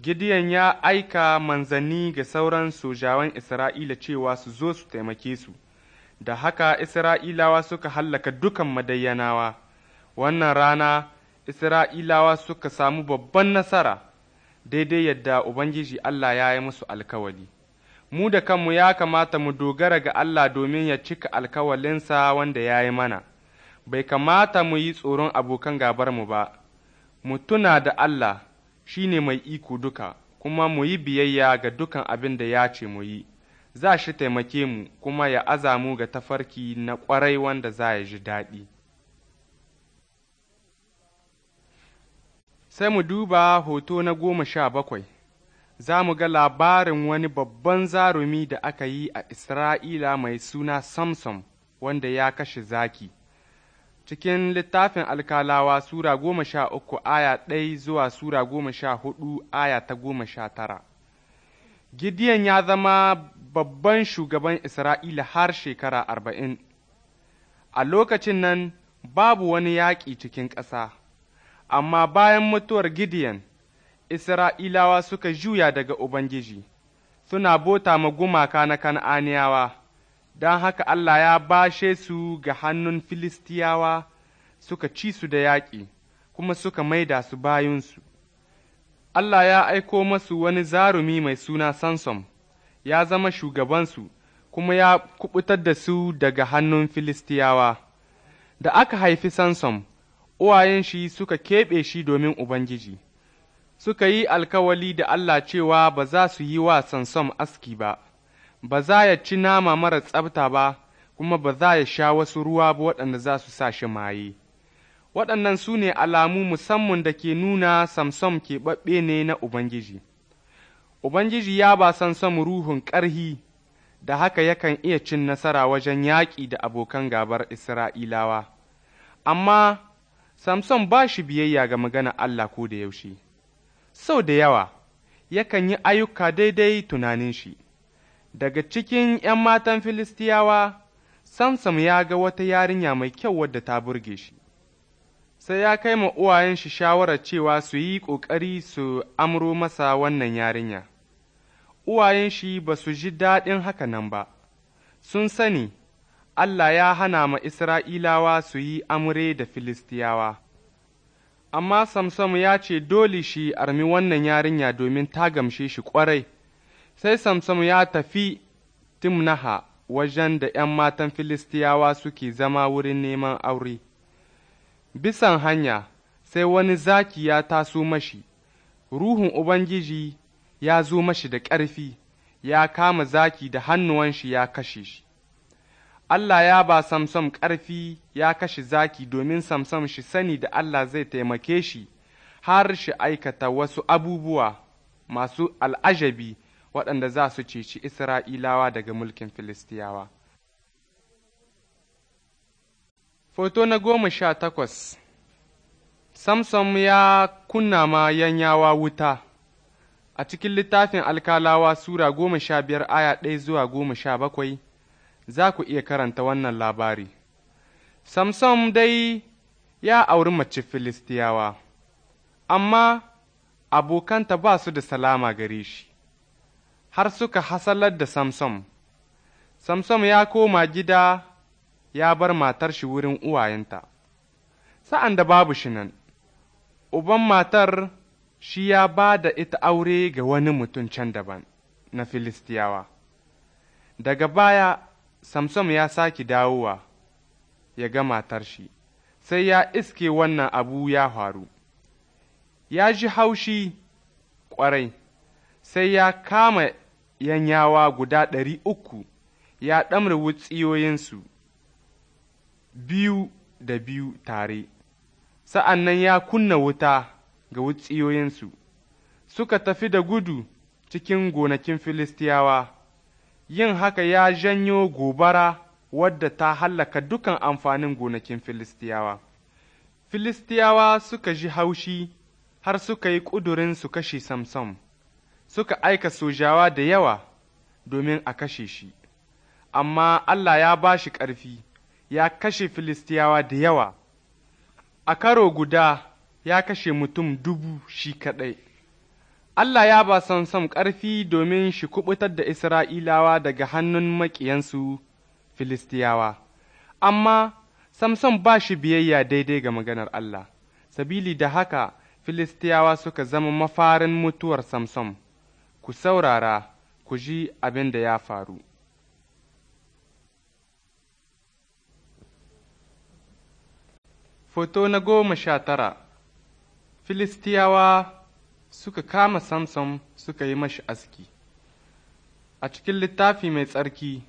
Gideon ya aika manzanni ga sauran sojawan Isra'ila cewa su zo su taimake su, da haka Isra'ilawa suka hallaka dukan madayyanawa. Wannan rana Isra'ilawa suka samu babban nasara, daidai yadda Ubangiji Allah ya yi musu alkawali. Mu da kanmu ya kamata mu dogara ga Allah domin ya cika alkawalinsa wanda ya yi mana, bai kamata mu yi tsoron abokan gabarmu ba, mu tuna da Allah. shi ne mai iko duka, kuma mu yi biyayya ga dukan abin da ya ce mu yi, za shi taimake mu kuma ya aza mu ga tafarki na ƙwarai wanda za ya ji daɗi. Sai mu duba hoto na goma sha bakwai, za mu ga labarin wani babban zarumi da aka yi a Isra'ila mai suna Samson wanda ya kashe zaki. cikin littafin alkalawa Sura goma sha uku aya ɗai zuwa Sura goma sha hudu aya ta goma sha tara. Gideon ya zama babban shugaban Isra'ila har shekara arba'in. A lokacin nan babu wani yaƙi cikin ƙasa, amma bayan mutuwar Gideon, Isra'ilawa suka juya daga Ubangiji, suna bota ma gumaka na Kan'aniyawa. don haka Allah ya bashe su ga hannun Filistiyawa suka ci su da yaƙi, kuma suka maida su bayansu, Allah ya aiko masu wani zarumi mai suna Samson, ya zama shugabansu, kuma ya kubutar da su daga hannun Filistiyawa. Da aka haifi Samson, uwayen shi suka keɓe shi domin Ubangiji, suka yi alkawali da Allah cewa ba za su yi wa Samson aski ba. ba za ya ci nama mara tsabta ba, kuma ba za ya sha wasu ruwa ba waɗanda za su sa shi maye. Waɗannan su ne alamu musamman da ke nuna Samson keɓaɓɓe ne na Ubangiji. Ubangiji ya ba Samson ruhun ƙarhi, da haka yakan iya cin nasara wajen yaƙi da abokan gabar Isra'ilawa. Amma Samson ba shi biyayya ga magana Allah ko da yaushe, sau da yawa, yakan yi ayyuka daidai tunanin shi. daga cikin ’yan matan Filistiyawa, Samsam ya ga wata yarinya mai kyau wadda ta burge shi, sai ya kai ma uwayen shi shawarar cewa su yi ƙoƙari su amro masa wannan yarinya. Uwayen shi ba su ji daɗin haka nan ba, sun sani Allah ya hana ma Isra'ilawa su yi amure da Filistiyawa. Amma Samsam ya ce dole shi armi wannan yarinya domin ta gamshe shi kwarai. sai Samsam ya tafi Timnaha wajen da ’yan matan Filistiyawa suke zama wurin neman aure. Bisan hanya, sai wani zaki ya taso mashi, Ruhun Ubangiji ya zo mashi da ƙarfi, ya kama zaki da hannuwan shi ya kashe shi. Allah ya ba Samsam ƙarfi ya kashe zaki domin Samsam shi sani da Allah zai taimake shi har shi aikata wasu abubuwa masu al'ajabi waɗanda za su ceci Isra'ilawa daga mulkin Filistiyawa. Foto na goma sha takwas Samson ya kunna ma yanyawa wuta a cikin littafin alkalawa Sura goma sha biyar aya ɗaya zuwa goma sha bakwai za ku iya karanta wannan labari. Samson dai ya auri mace Filistiyawa, amma abokanta ba su da salama gare shi. har suka hasalar da Samson. Samson ya koma gida ya bar matar shi wurin uwayenta, sa'an da babu shi nan, uban matar shi ya ba da ita aure ga wani mutum can daban na Filistiyawa. Daga baya, Samson ya sake dawowa ya ga matar shi, sai ya iske wannan abu ya faru. Ya ji haushi ƙwarai, sai ya kama yanyawa guda ɗari uku ya ɗamra wutsiyoyinsu biyu da biyu tare, sa'an nan ya kunna wuta ga wutsiyoyinsu, suka tafi da gudu cikin gonakin Filistiyawa, yin haka ya janyo gobara wadda ta hallaka dukan amfanin gonakin Filistiyawa. Filistiyawa suka ji haushi har suka yi ƙudurin su kashe Samson. suka aika sojawa da yawa domin a kashe shi, amma Allah ya ba shi ƙarfi, ya kashe Filistiyawa da yawa, a karo guda ya kashe mutum dubu shi kaɗai. Allah ya ba Samson ƙarfi domin shi kuɓutar da Isra'ilawa daga hannun maƙiyansu Filistiyawa, amma Samson ba shi biyayya daidai ga maganar Allah, sabili da haka Filistiyawa suka zama mafarin mutuwar Samson. ku saurara ku ji abin da ya faru. Foto na goma sha tara Filistiyawa suka kama Samson suka yi mashi aski. A cikin littafi mai tsarki,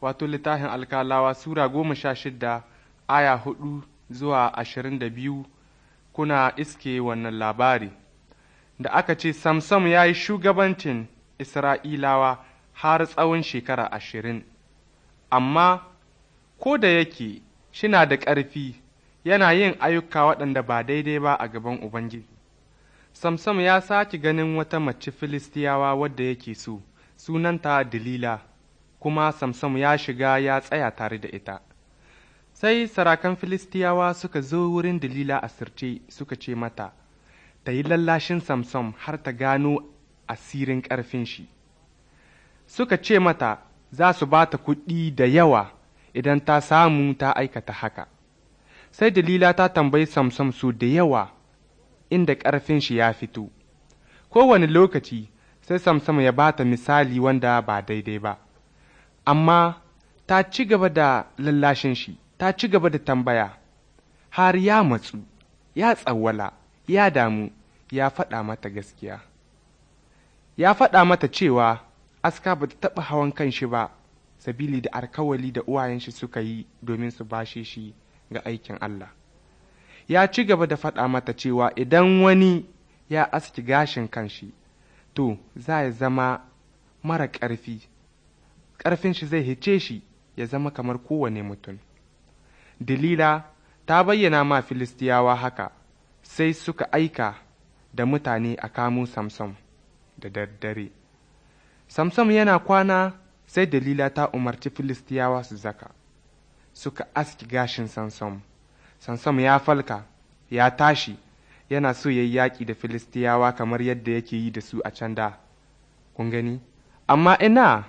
wato littafin alkalawa Sura goma sha shidda, aya hudu zuwa ashirin da biyu, kuna iske wannan labari. da aka ce Samsam ya yi shugabancin Isra'ilawa har tsawon shekara ashirin, amma ko da yake shina da ƙarfi yana yin ayyuka waɗanda ba daidai ba a gaban Ubangiji. Samsam ya sake ganin wata mace Filistiyawa wadda yake so, sunanta Dalila, kuma Samsam ya shiga ya tsaya tare da ita. Sai sarakan Filistiyawa suka zo wurin Dalila a sirce suka ce mata, ta yi lallashin samsam har ta gano asirin ƙarfin shi. Suka ce mata za su ba ta kuɗi da yawa idan ta samu ta aikata haka. Sai Dalila ta tambayi Samson su da yawa inda ƙarfin shi ya fito. Kowane lokaci sai samsam ya ba ta misali wanda ba daidai ba. Amma ta ci gaba da lallashin shi, ta ci gaba da tambaya, har ya matsu, ya tsawwala. ya damu ya faɗa mata gaskiya. Ya faɗa mata cewa aska ba ta taɓa hawan kan shi ba, sabili da alkawali da uwayen shi suka yi domin su bashe shi ga aikin Allah. Ya ci gaba da faɗa mata cewa idan wani ya aski gashin kan shi to za ya zama mara ƙarfi, ƙarfin shi zai hice shi ya zama kamar kowane mutum. Dalila ta bayyana ma Filistiyawa haka. sai suka aika da mutane a kamo Samson da daddare. Samson yana kwana sai Dalila ta umarci Filistiyawa su zaka, suka aski gashin Samson. Samson ya falka, ya tashi, yana so ya yi yaƙi da Filistiyawa kamar yadda yake yi da su a can da. Kun gani? Amma ina,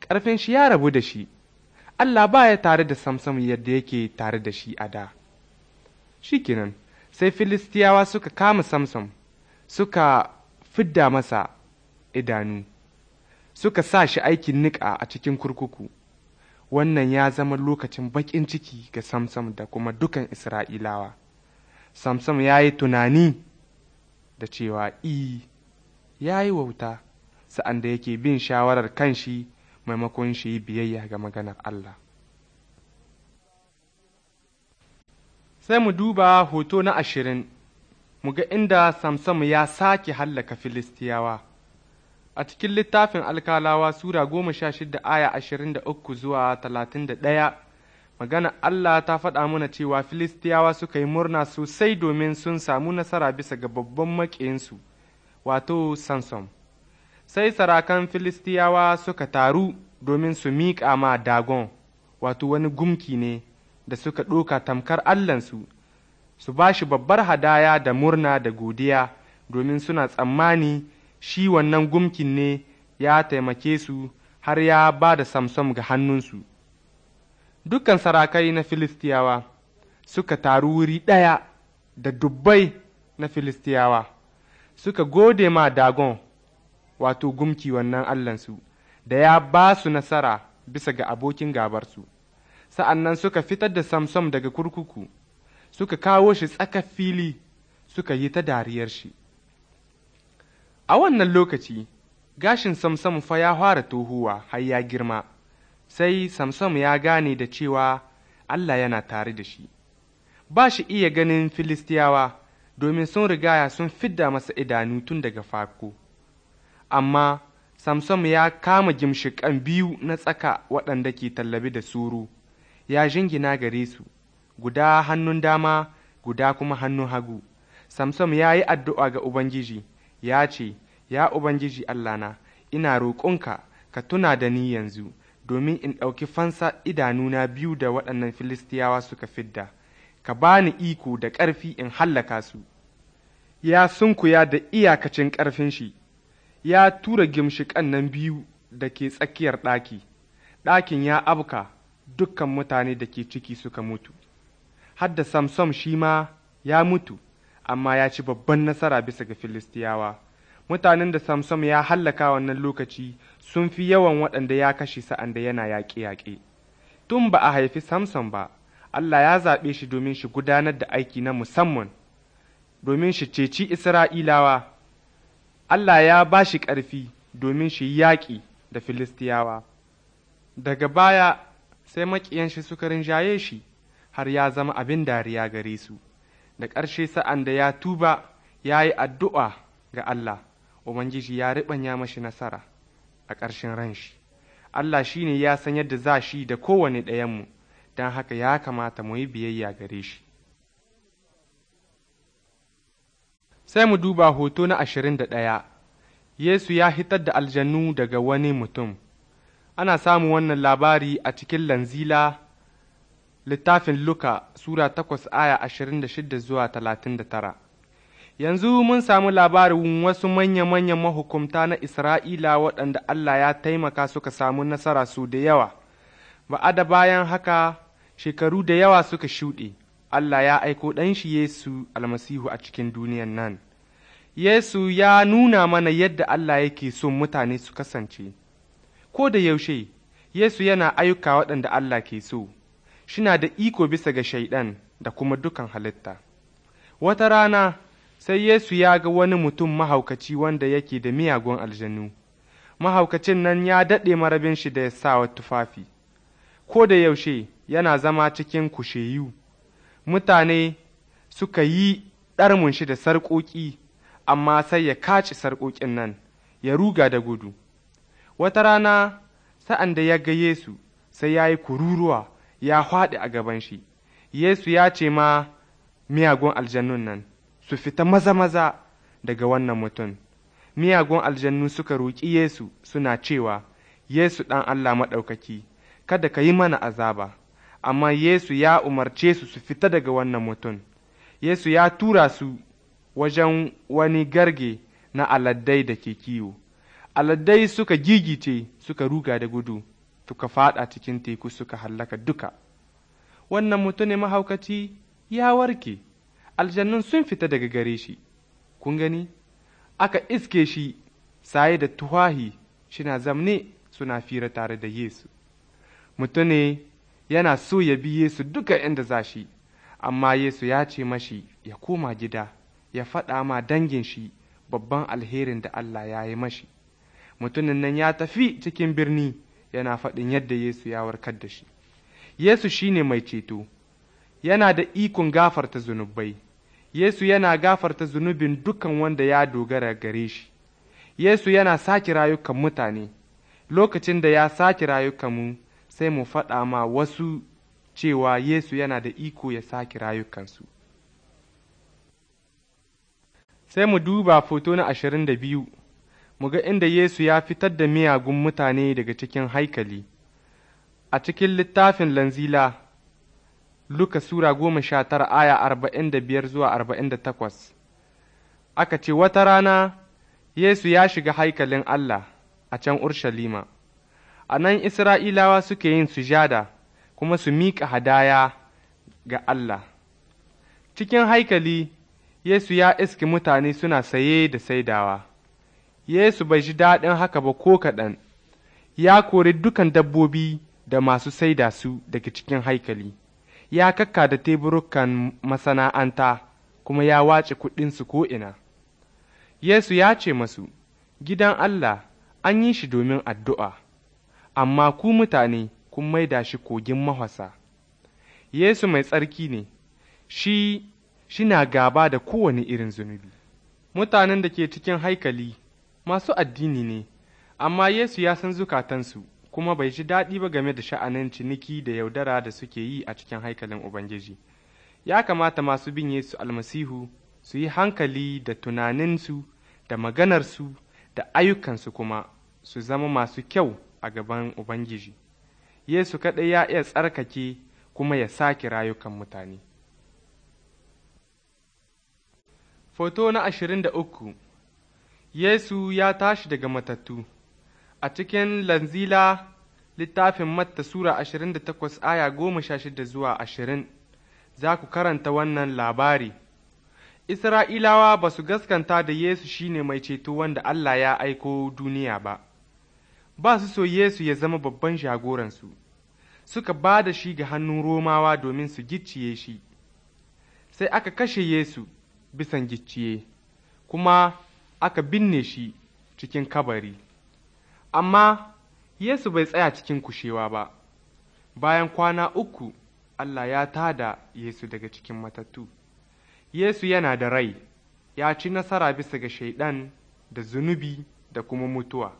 ƙarfin shi ya rabu da shi, Allah ba ya tare da Samson yadda yake tare da shi a da. Shi kenan. sai Filistiyawa suka kama Samson suka fidda masa idanu, suka sa shi aikin niƙa a cikin kurkuku. Wannan ya zama lokacin baƙin ciki ga Samson da kuma dukan Isra'ilawa. Samson ya yi tunani da cewa i ya yi wauta sa'an da yake bin shawarar kanshi maimakon shi biyayya ga maganar Allah. sai mu duba hoto na ashirin, mu ga inda Samsamu ya sake hallaka Filistiyawa. A cikin littafin alkalawa Sura goma sha shida aya ashirin da uku zuwa talatin da ɗaya, magana Allah ta faɗa mana cewa Filistiyawa suka yi murna sosai domin sun samu nasara bisa ga babban maƙiyinsu, wato Samson. Sai sarakan Filistiyawa suka taru domin su miƙa ma Dagon, wato wani gumki ne. da suka ɗoka tamkar Allahnsu, su ba shi babbar hadaya da murna da godiya domin suna tsammani shi wannan gumkin ne ya taimake su har ya ba da Samson ga hannunsu. Dukkan sarakai na Filistiyawa suka taru wuri ɗaya da dubbai na Filistiyawa, suka gode ma Dagon, wato gumki wannan Allahnsu, da ya ba su nasara bisa ga abokin gabarsu. sa'an nan suka fitar da Samson daga kurkuku, suka kawo shi tsaka fili suka yi ta dariyar shi. A wannan lokaci, gashin Samson fa ya fara tohuwa har ya girma, sai Samson ya gane da cewa Allah yana tare da shi. Ba shi iya ganin Filistiyawa domin sun rigaya sun fidda masa idanu tun daga fako. Amma Samson ya kama gimshiƙan biyu na tsaka waɗanda ke tallabi da suru. ya jingina gare su guda hannun dama guda kuma hannun hagu samsom ya yi addu'a ga ubangiji ya ce ya ubangiji allahna ina roƙonka ka tuna da ni yanzu domin in ɗauki fansa idanuna biyu da waɗannan filistiyawa suka fidda ka ba ni iko da ƙarfi in hallaka su ya sunkuya da iyakacin ƙarfin shi ya tura gimshiƙan nan biyu da ke tsakiyar ɗaki ɗakin ya abka dukkan mutane da ke ciki suka mutu, hadda Samson shi ma ya mutu, amma ya ci babban nasara bisa ga Filistiyawa. Mutanen da Samson ya hallaka wannan lokaci sun fi yawan waɗanda ya kashe sa'an da yana yaƙe-yaƙe. Tun ba a haifi Samson ba, Allah ya zaɓe shi domin shi gudanar da aiki na musamman, domin shi ceci Isra'ilawa. Allah ya ba shi ƙarfi domin shi yaƙi da Filistiyawa. Daga baya sai maƙiyan suka rinjaye shi har ya zama abin dariya gare su da ƙarshe sa'an da ya tuba ya yi addu'a ga Allah Ubangiji ya riɓanya mashi nasara a ƙarshen ran shi Allah shi ne ya san yadda za shi da kowane ɗayanmu don haka ya kamata mu yi biyayya gare shi sai mu duba hoto na ashirin da ɗaya Yesu ya hitar da aljannu daga wani mutum ana samun wannan labari a cikin lanzila littafin Luka Sura takwas aya ashirin da shida zuwa talatin da tara. Yanzu mun samu labarin wasu manya-manyan mahukumta na Isra'ila waɗanda Allah ya taimaka suka samu nasara su da yawa, ba da bayan haka shekaru da yawa suka shuɗe, Allah ya aiko ɗanshi Yesu almasihu a cikin duniyan nan. Yesu ya nuna mana yadda Allah yake son mutane su kasance. ko da yaushe Yesu yana ayyuka waɗanda Allah ke so, shina da iko bisa ga Shaiɗan da kuma dukan halitta. Wata rana sai Yesu ya ga wani mutum mahaukaci wanda yake da miyagun aljanu, mahaukacin nan ya daɗe marabin shi da ya sawa tufafi, ko da yaushe yana zama cikin kusheyu, mutane suka yi ɗarmun shi da sarƙoƙi, amma sai ya kaci sarƙoƙin nan, ya ruga da gudu. wata rana sa'an da ya ga Yesu sai ya yi kururuwa ya haɗe a gaban shi, Yesu ya ce ma miyagun aljannun nan su fita maza-maza daga wannan mutum. Miyagun aljannu suka roƙi Yesu suna cewa, Yesu ɗan Allah maɗaukaki, kada ka yi mana azaba, amma Yesu ya umarce su su fita daga wannan mutum. Yesu ya tura su wajen wani garge na aladdai da ke kiwo. aladai suka gigice suka ruga da gudu suka fada cikin teku suka hallaka duka wannan mutumin mahaukaci ya warke aljannun sun fita daga gare shi kun gani aka iske shi saye da tuhahi shina zamne suna fira tare da yesu mutune yana so ya bi yesu duka inda za shi amma yesu ya ce mashi ya koma gida ya faɗa ma dangin shi babban alherin da allah ya yi mashi mutumin nan ya tafi cikin birni yana faɗin yadda Yesu ya warkar da shi. Yesu shi ne mai ceto, yana da ikon gafarta zunubai, Yesu yana gafarta zunubin dukan wanda ya dogara gare shi. Yesu yana sake rayukan mutane, lokacin da ya sake mu sai mu faɗa ma wasu cewa Yesu yana da iko ya sake rayukansu. Sai mu duba foto na ashirin da biyu. mu ga inda Yesu ya fitar da miyagun mutane daga cikin haikali. A cikin littafin Lanzila, Luka Sura goma sha tara aya arba'in da biyar zuwa arba'in da takwas, aka ce wata rana Yesu ya shiga haikalin Allah a can Urshalima, a nan Isra'ilawa suke yin sujada kuma su miƙa hadaya ga Allah. Cikin haikali, Yesu ya iski mutane suna saye da saidawa. Yesu bai ji daɗin haka ba ko kaɗan, ya kori dukan dabbobi da masu saida su daga cikin haikali, ya kakka da teburukan masana'anta kuma ya wace kuɗinsu ko'ina. Yesu ya ce masu, Gidan Allah an yi shi domin addu'a, amma ku mutane kun maida shi kogin mahasa Yesu mai tsarki ne, shi shina gaba da kowane irin zunubi. Mutanen da ke cikin haikali masu addini ne, amma Yesu ya san zukatansu kuma bai ji daɗi ba game da sha'anin ciniki da yaudara da suke yi a cikin haikalin Ubangiji. Ya kamata masu bin Yesu almasihu su yi hankali da tunaninsu da maganarsu da ayyukansu kuma su zama masu kyau a gaban Ubangiji. Yesu kaɗai ya iya tsarkake kuma ya sake rayukan mutane. Foto na ashirin da uku Yesu ya tashi daga matattu A cikin Lanzila littafin Matta Sura ashirin da takwas aya goma sha shida zuwa ashirin za ku karanta wannan labari. Isra'ilawa ba su gaskanta da Yesu shi ne mai ceto wanda Allah ya aiko duniya ba, ba su so Yesu ya zama babban jagoransu, suka ba da shi ga hannun Romawa domin su gicciye shi, sai aka kashe Yesu bisan gicciye, kuma aka binne shi cikin kabari. Amma Yesu bai tsaya cikin kushewa ba, bayan kwana uku Allah ya tada Yesu daga cikin matattu. Yesu yana da rai, ya ci nasara bisa ga Shaiɗan da zunubi da kuma mutuwa.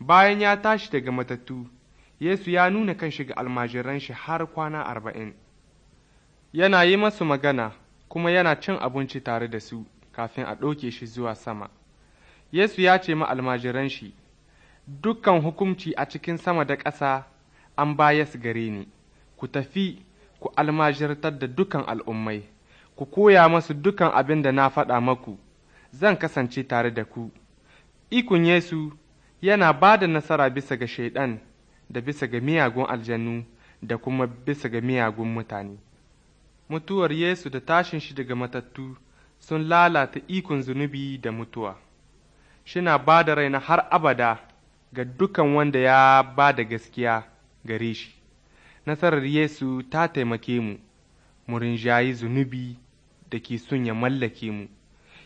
Bayan ya tashi daga matattu, Yesu ya nuna kan shiga almajiran shi har kwana arba'in. Yana yi masu magana kuma yana cin abinci tare da su. kafin a ɗauke shi zuwa sama. Yesu ya ce ma almajiran shi, Dukkan hukumci a cikin sama da ƙasa an bayas gare ni, ku tafi ku almajirtar da dukan al'ummai, ku koya masu dukan abin da na faɗa maku, zan kasance tare da ku. Ikon Yesu yana ba da nasara bisa ga Shaiɗan da bisa ga miyagun aljanu da kuma bisa ga miyagun mutane. Mutuwar Yesu da tashin shi daga matattu. sun lalata ikon zunubi da mutuwa, shina ba da raina har abada ga dukan wanda ya ba da gaskiya gare shi. Nasarar Yesu ta taimake mu, mu rinjayi zunubi da ke sun ya mallake mu.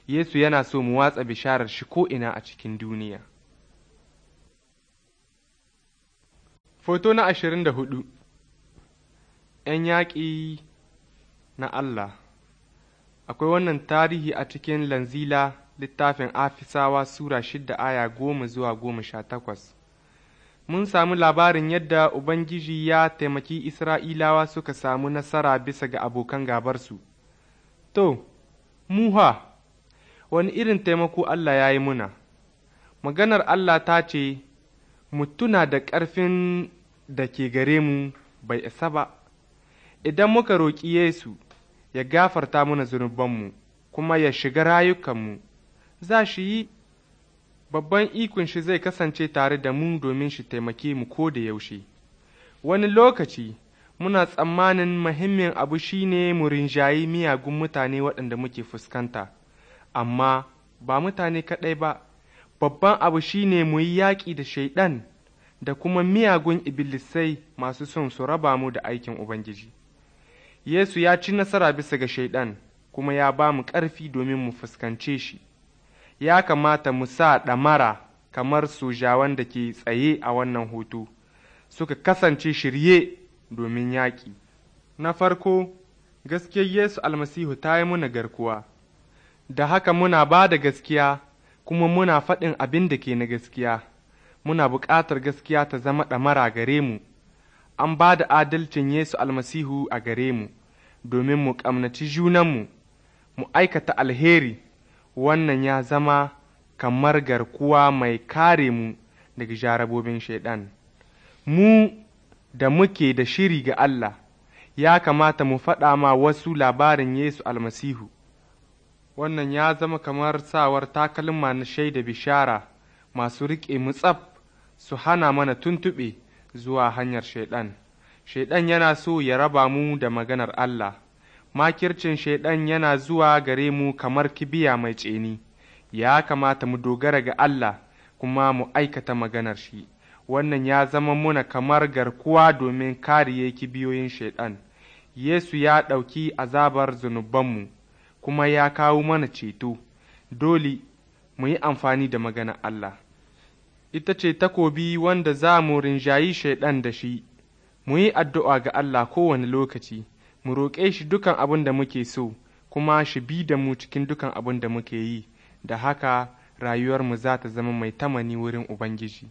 Yesu yana so mu watsa bisharar shi ko'ina a cikin duniya. Foto na ashirin da hudu ‘Yan yaƙi na Allah Akwai wannan tarihi a cikin Lanzila littafin Afisawa Sura shida aya goma zuwa goma sha takwas. Mun samu labarin yadda Ubangiji ya taimaki Isra'ilawa suka samu nasara bisa ga abokan gabarsu. To, muha, wani irin taimako Allah ya yi muna, maganar Allah ta ce, mutuna da ƙarfin da ke gare mu bai isa ba, idan muka roƙi Yesu, ya gafarta mana zunubanmu kuma ya shiga rayukanmu, za shi yi babban ikon shi zai kasance tare da mu domin shi taimake mu ko da yaushe. Wani lokaci muna tsammanin muhimmin abu shi ne mu rinjayi miyagun mutane waɗanda muke fuskanta, amma ba mutane kaɗai ba, babban abu shi ne mu yi yaƙi da shaiɗan da kuma miyagun ibilisai masu son su raba mu da aikin Ubangiji. Yesu ya ci nasara bisa ga Shaiɗan kuma ya ba mu ƙarfi domin mu fuskance shi. Ya kamata mu sa ɗamara kamar sojawan da ke tsaye a wannan hoto, suka kasance shirye domin yaƙi. Na farko, gaskiyar Yesu almasihu ta yi muna garkuwa, da haka muna ba da gaskiya kuma muna faɗin abin da ke na gaskiya, muna buƙatar gaskiya ta zama ɗamara gare mu. an ba da adalcin Yesu almasihu a gare mu, domin mu ƙamnaci junanmu, mu aikata alheri, wannan ya zama kamar garkuwa mai kare mu daga jarabobin Shaiɗan. Mu da muke da shiri ga Allah, ya kamata mu faɗa ma wasu labarin Yesu almasihu. Wannan ya zama kamar sawar takalma na shaida bishara masu riƙe mu tsaf su hana mana tuntuɓe. zuwa hanyar Shaiɗan. Shaiɗan yana so ya raba mu da maganar Allah, makircin Shaiɗan yana zuwa gare mu kamar kibiya mai tseni, ya kamata mu dogara ga Allah kuma mu aikata maganar shi. Wannan ya zama muna kamar garkuwa domin kariye kibiyoyin Shaiɗan. Yesu ya ɗauki azabar zunubanmu, kuma ya kawo mana ceto, dole mu yi amfani da maganar Allah. ita ce takobi wanda za mu rinjayi Shaiɗan da shi, mu yi addu'a ga Allah kowane lokaci, mu roƙe shi dukan abin da muke so, kuma shi bi da mu cikin dukan abin da muke yi, da haka rayuwarmu za ta zama mai tamani wurin Ubangiji.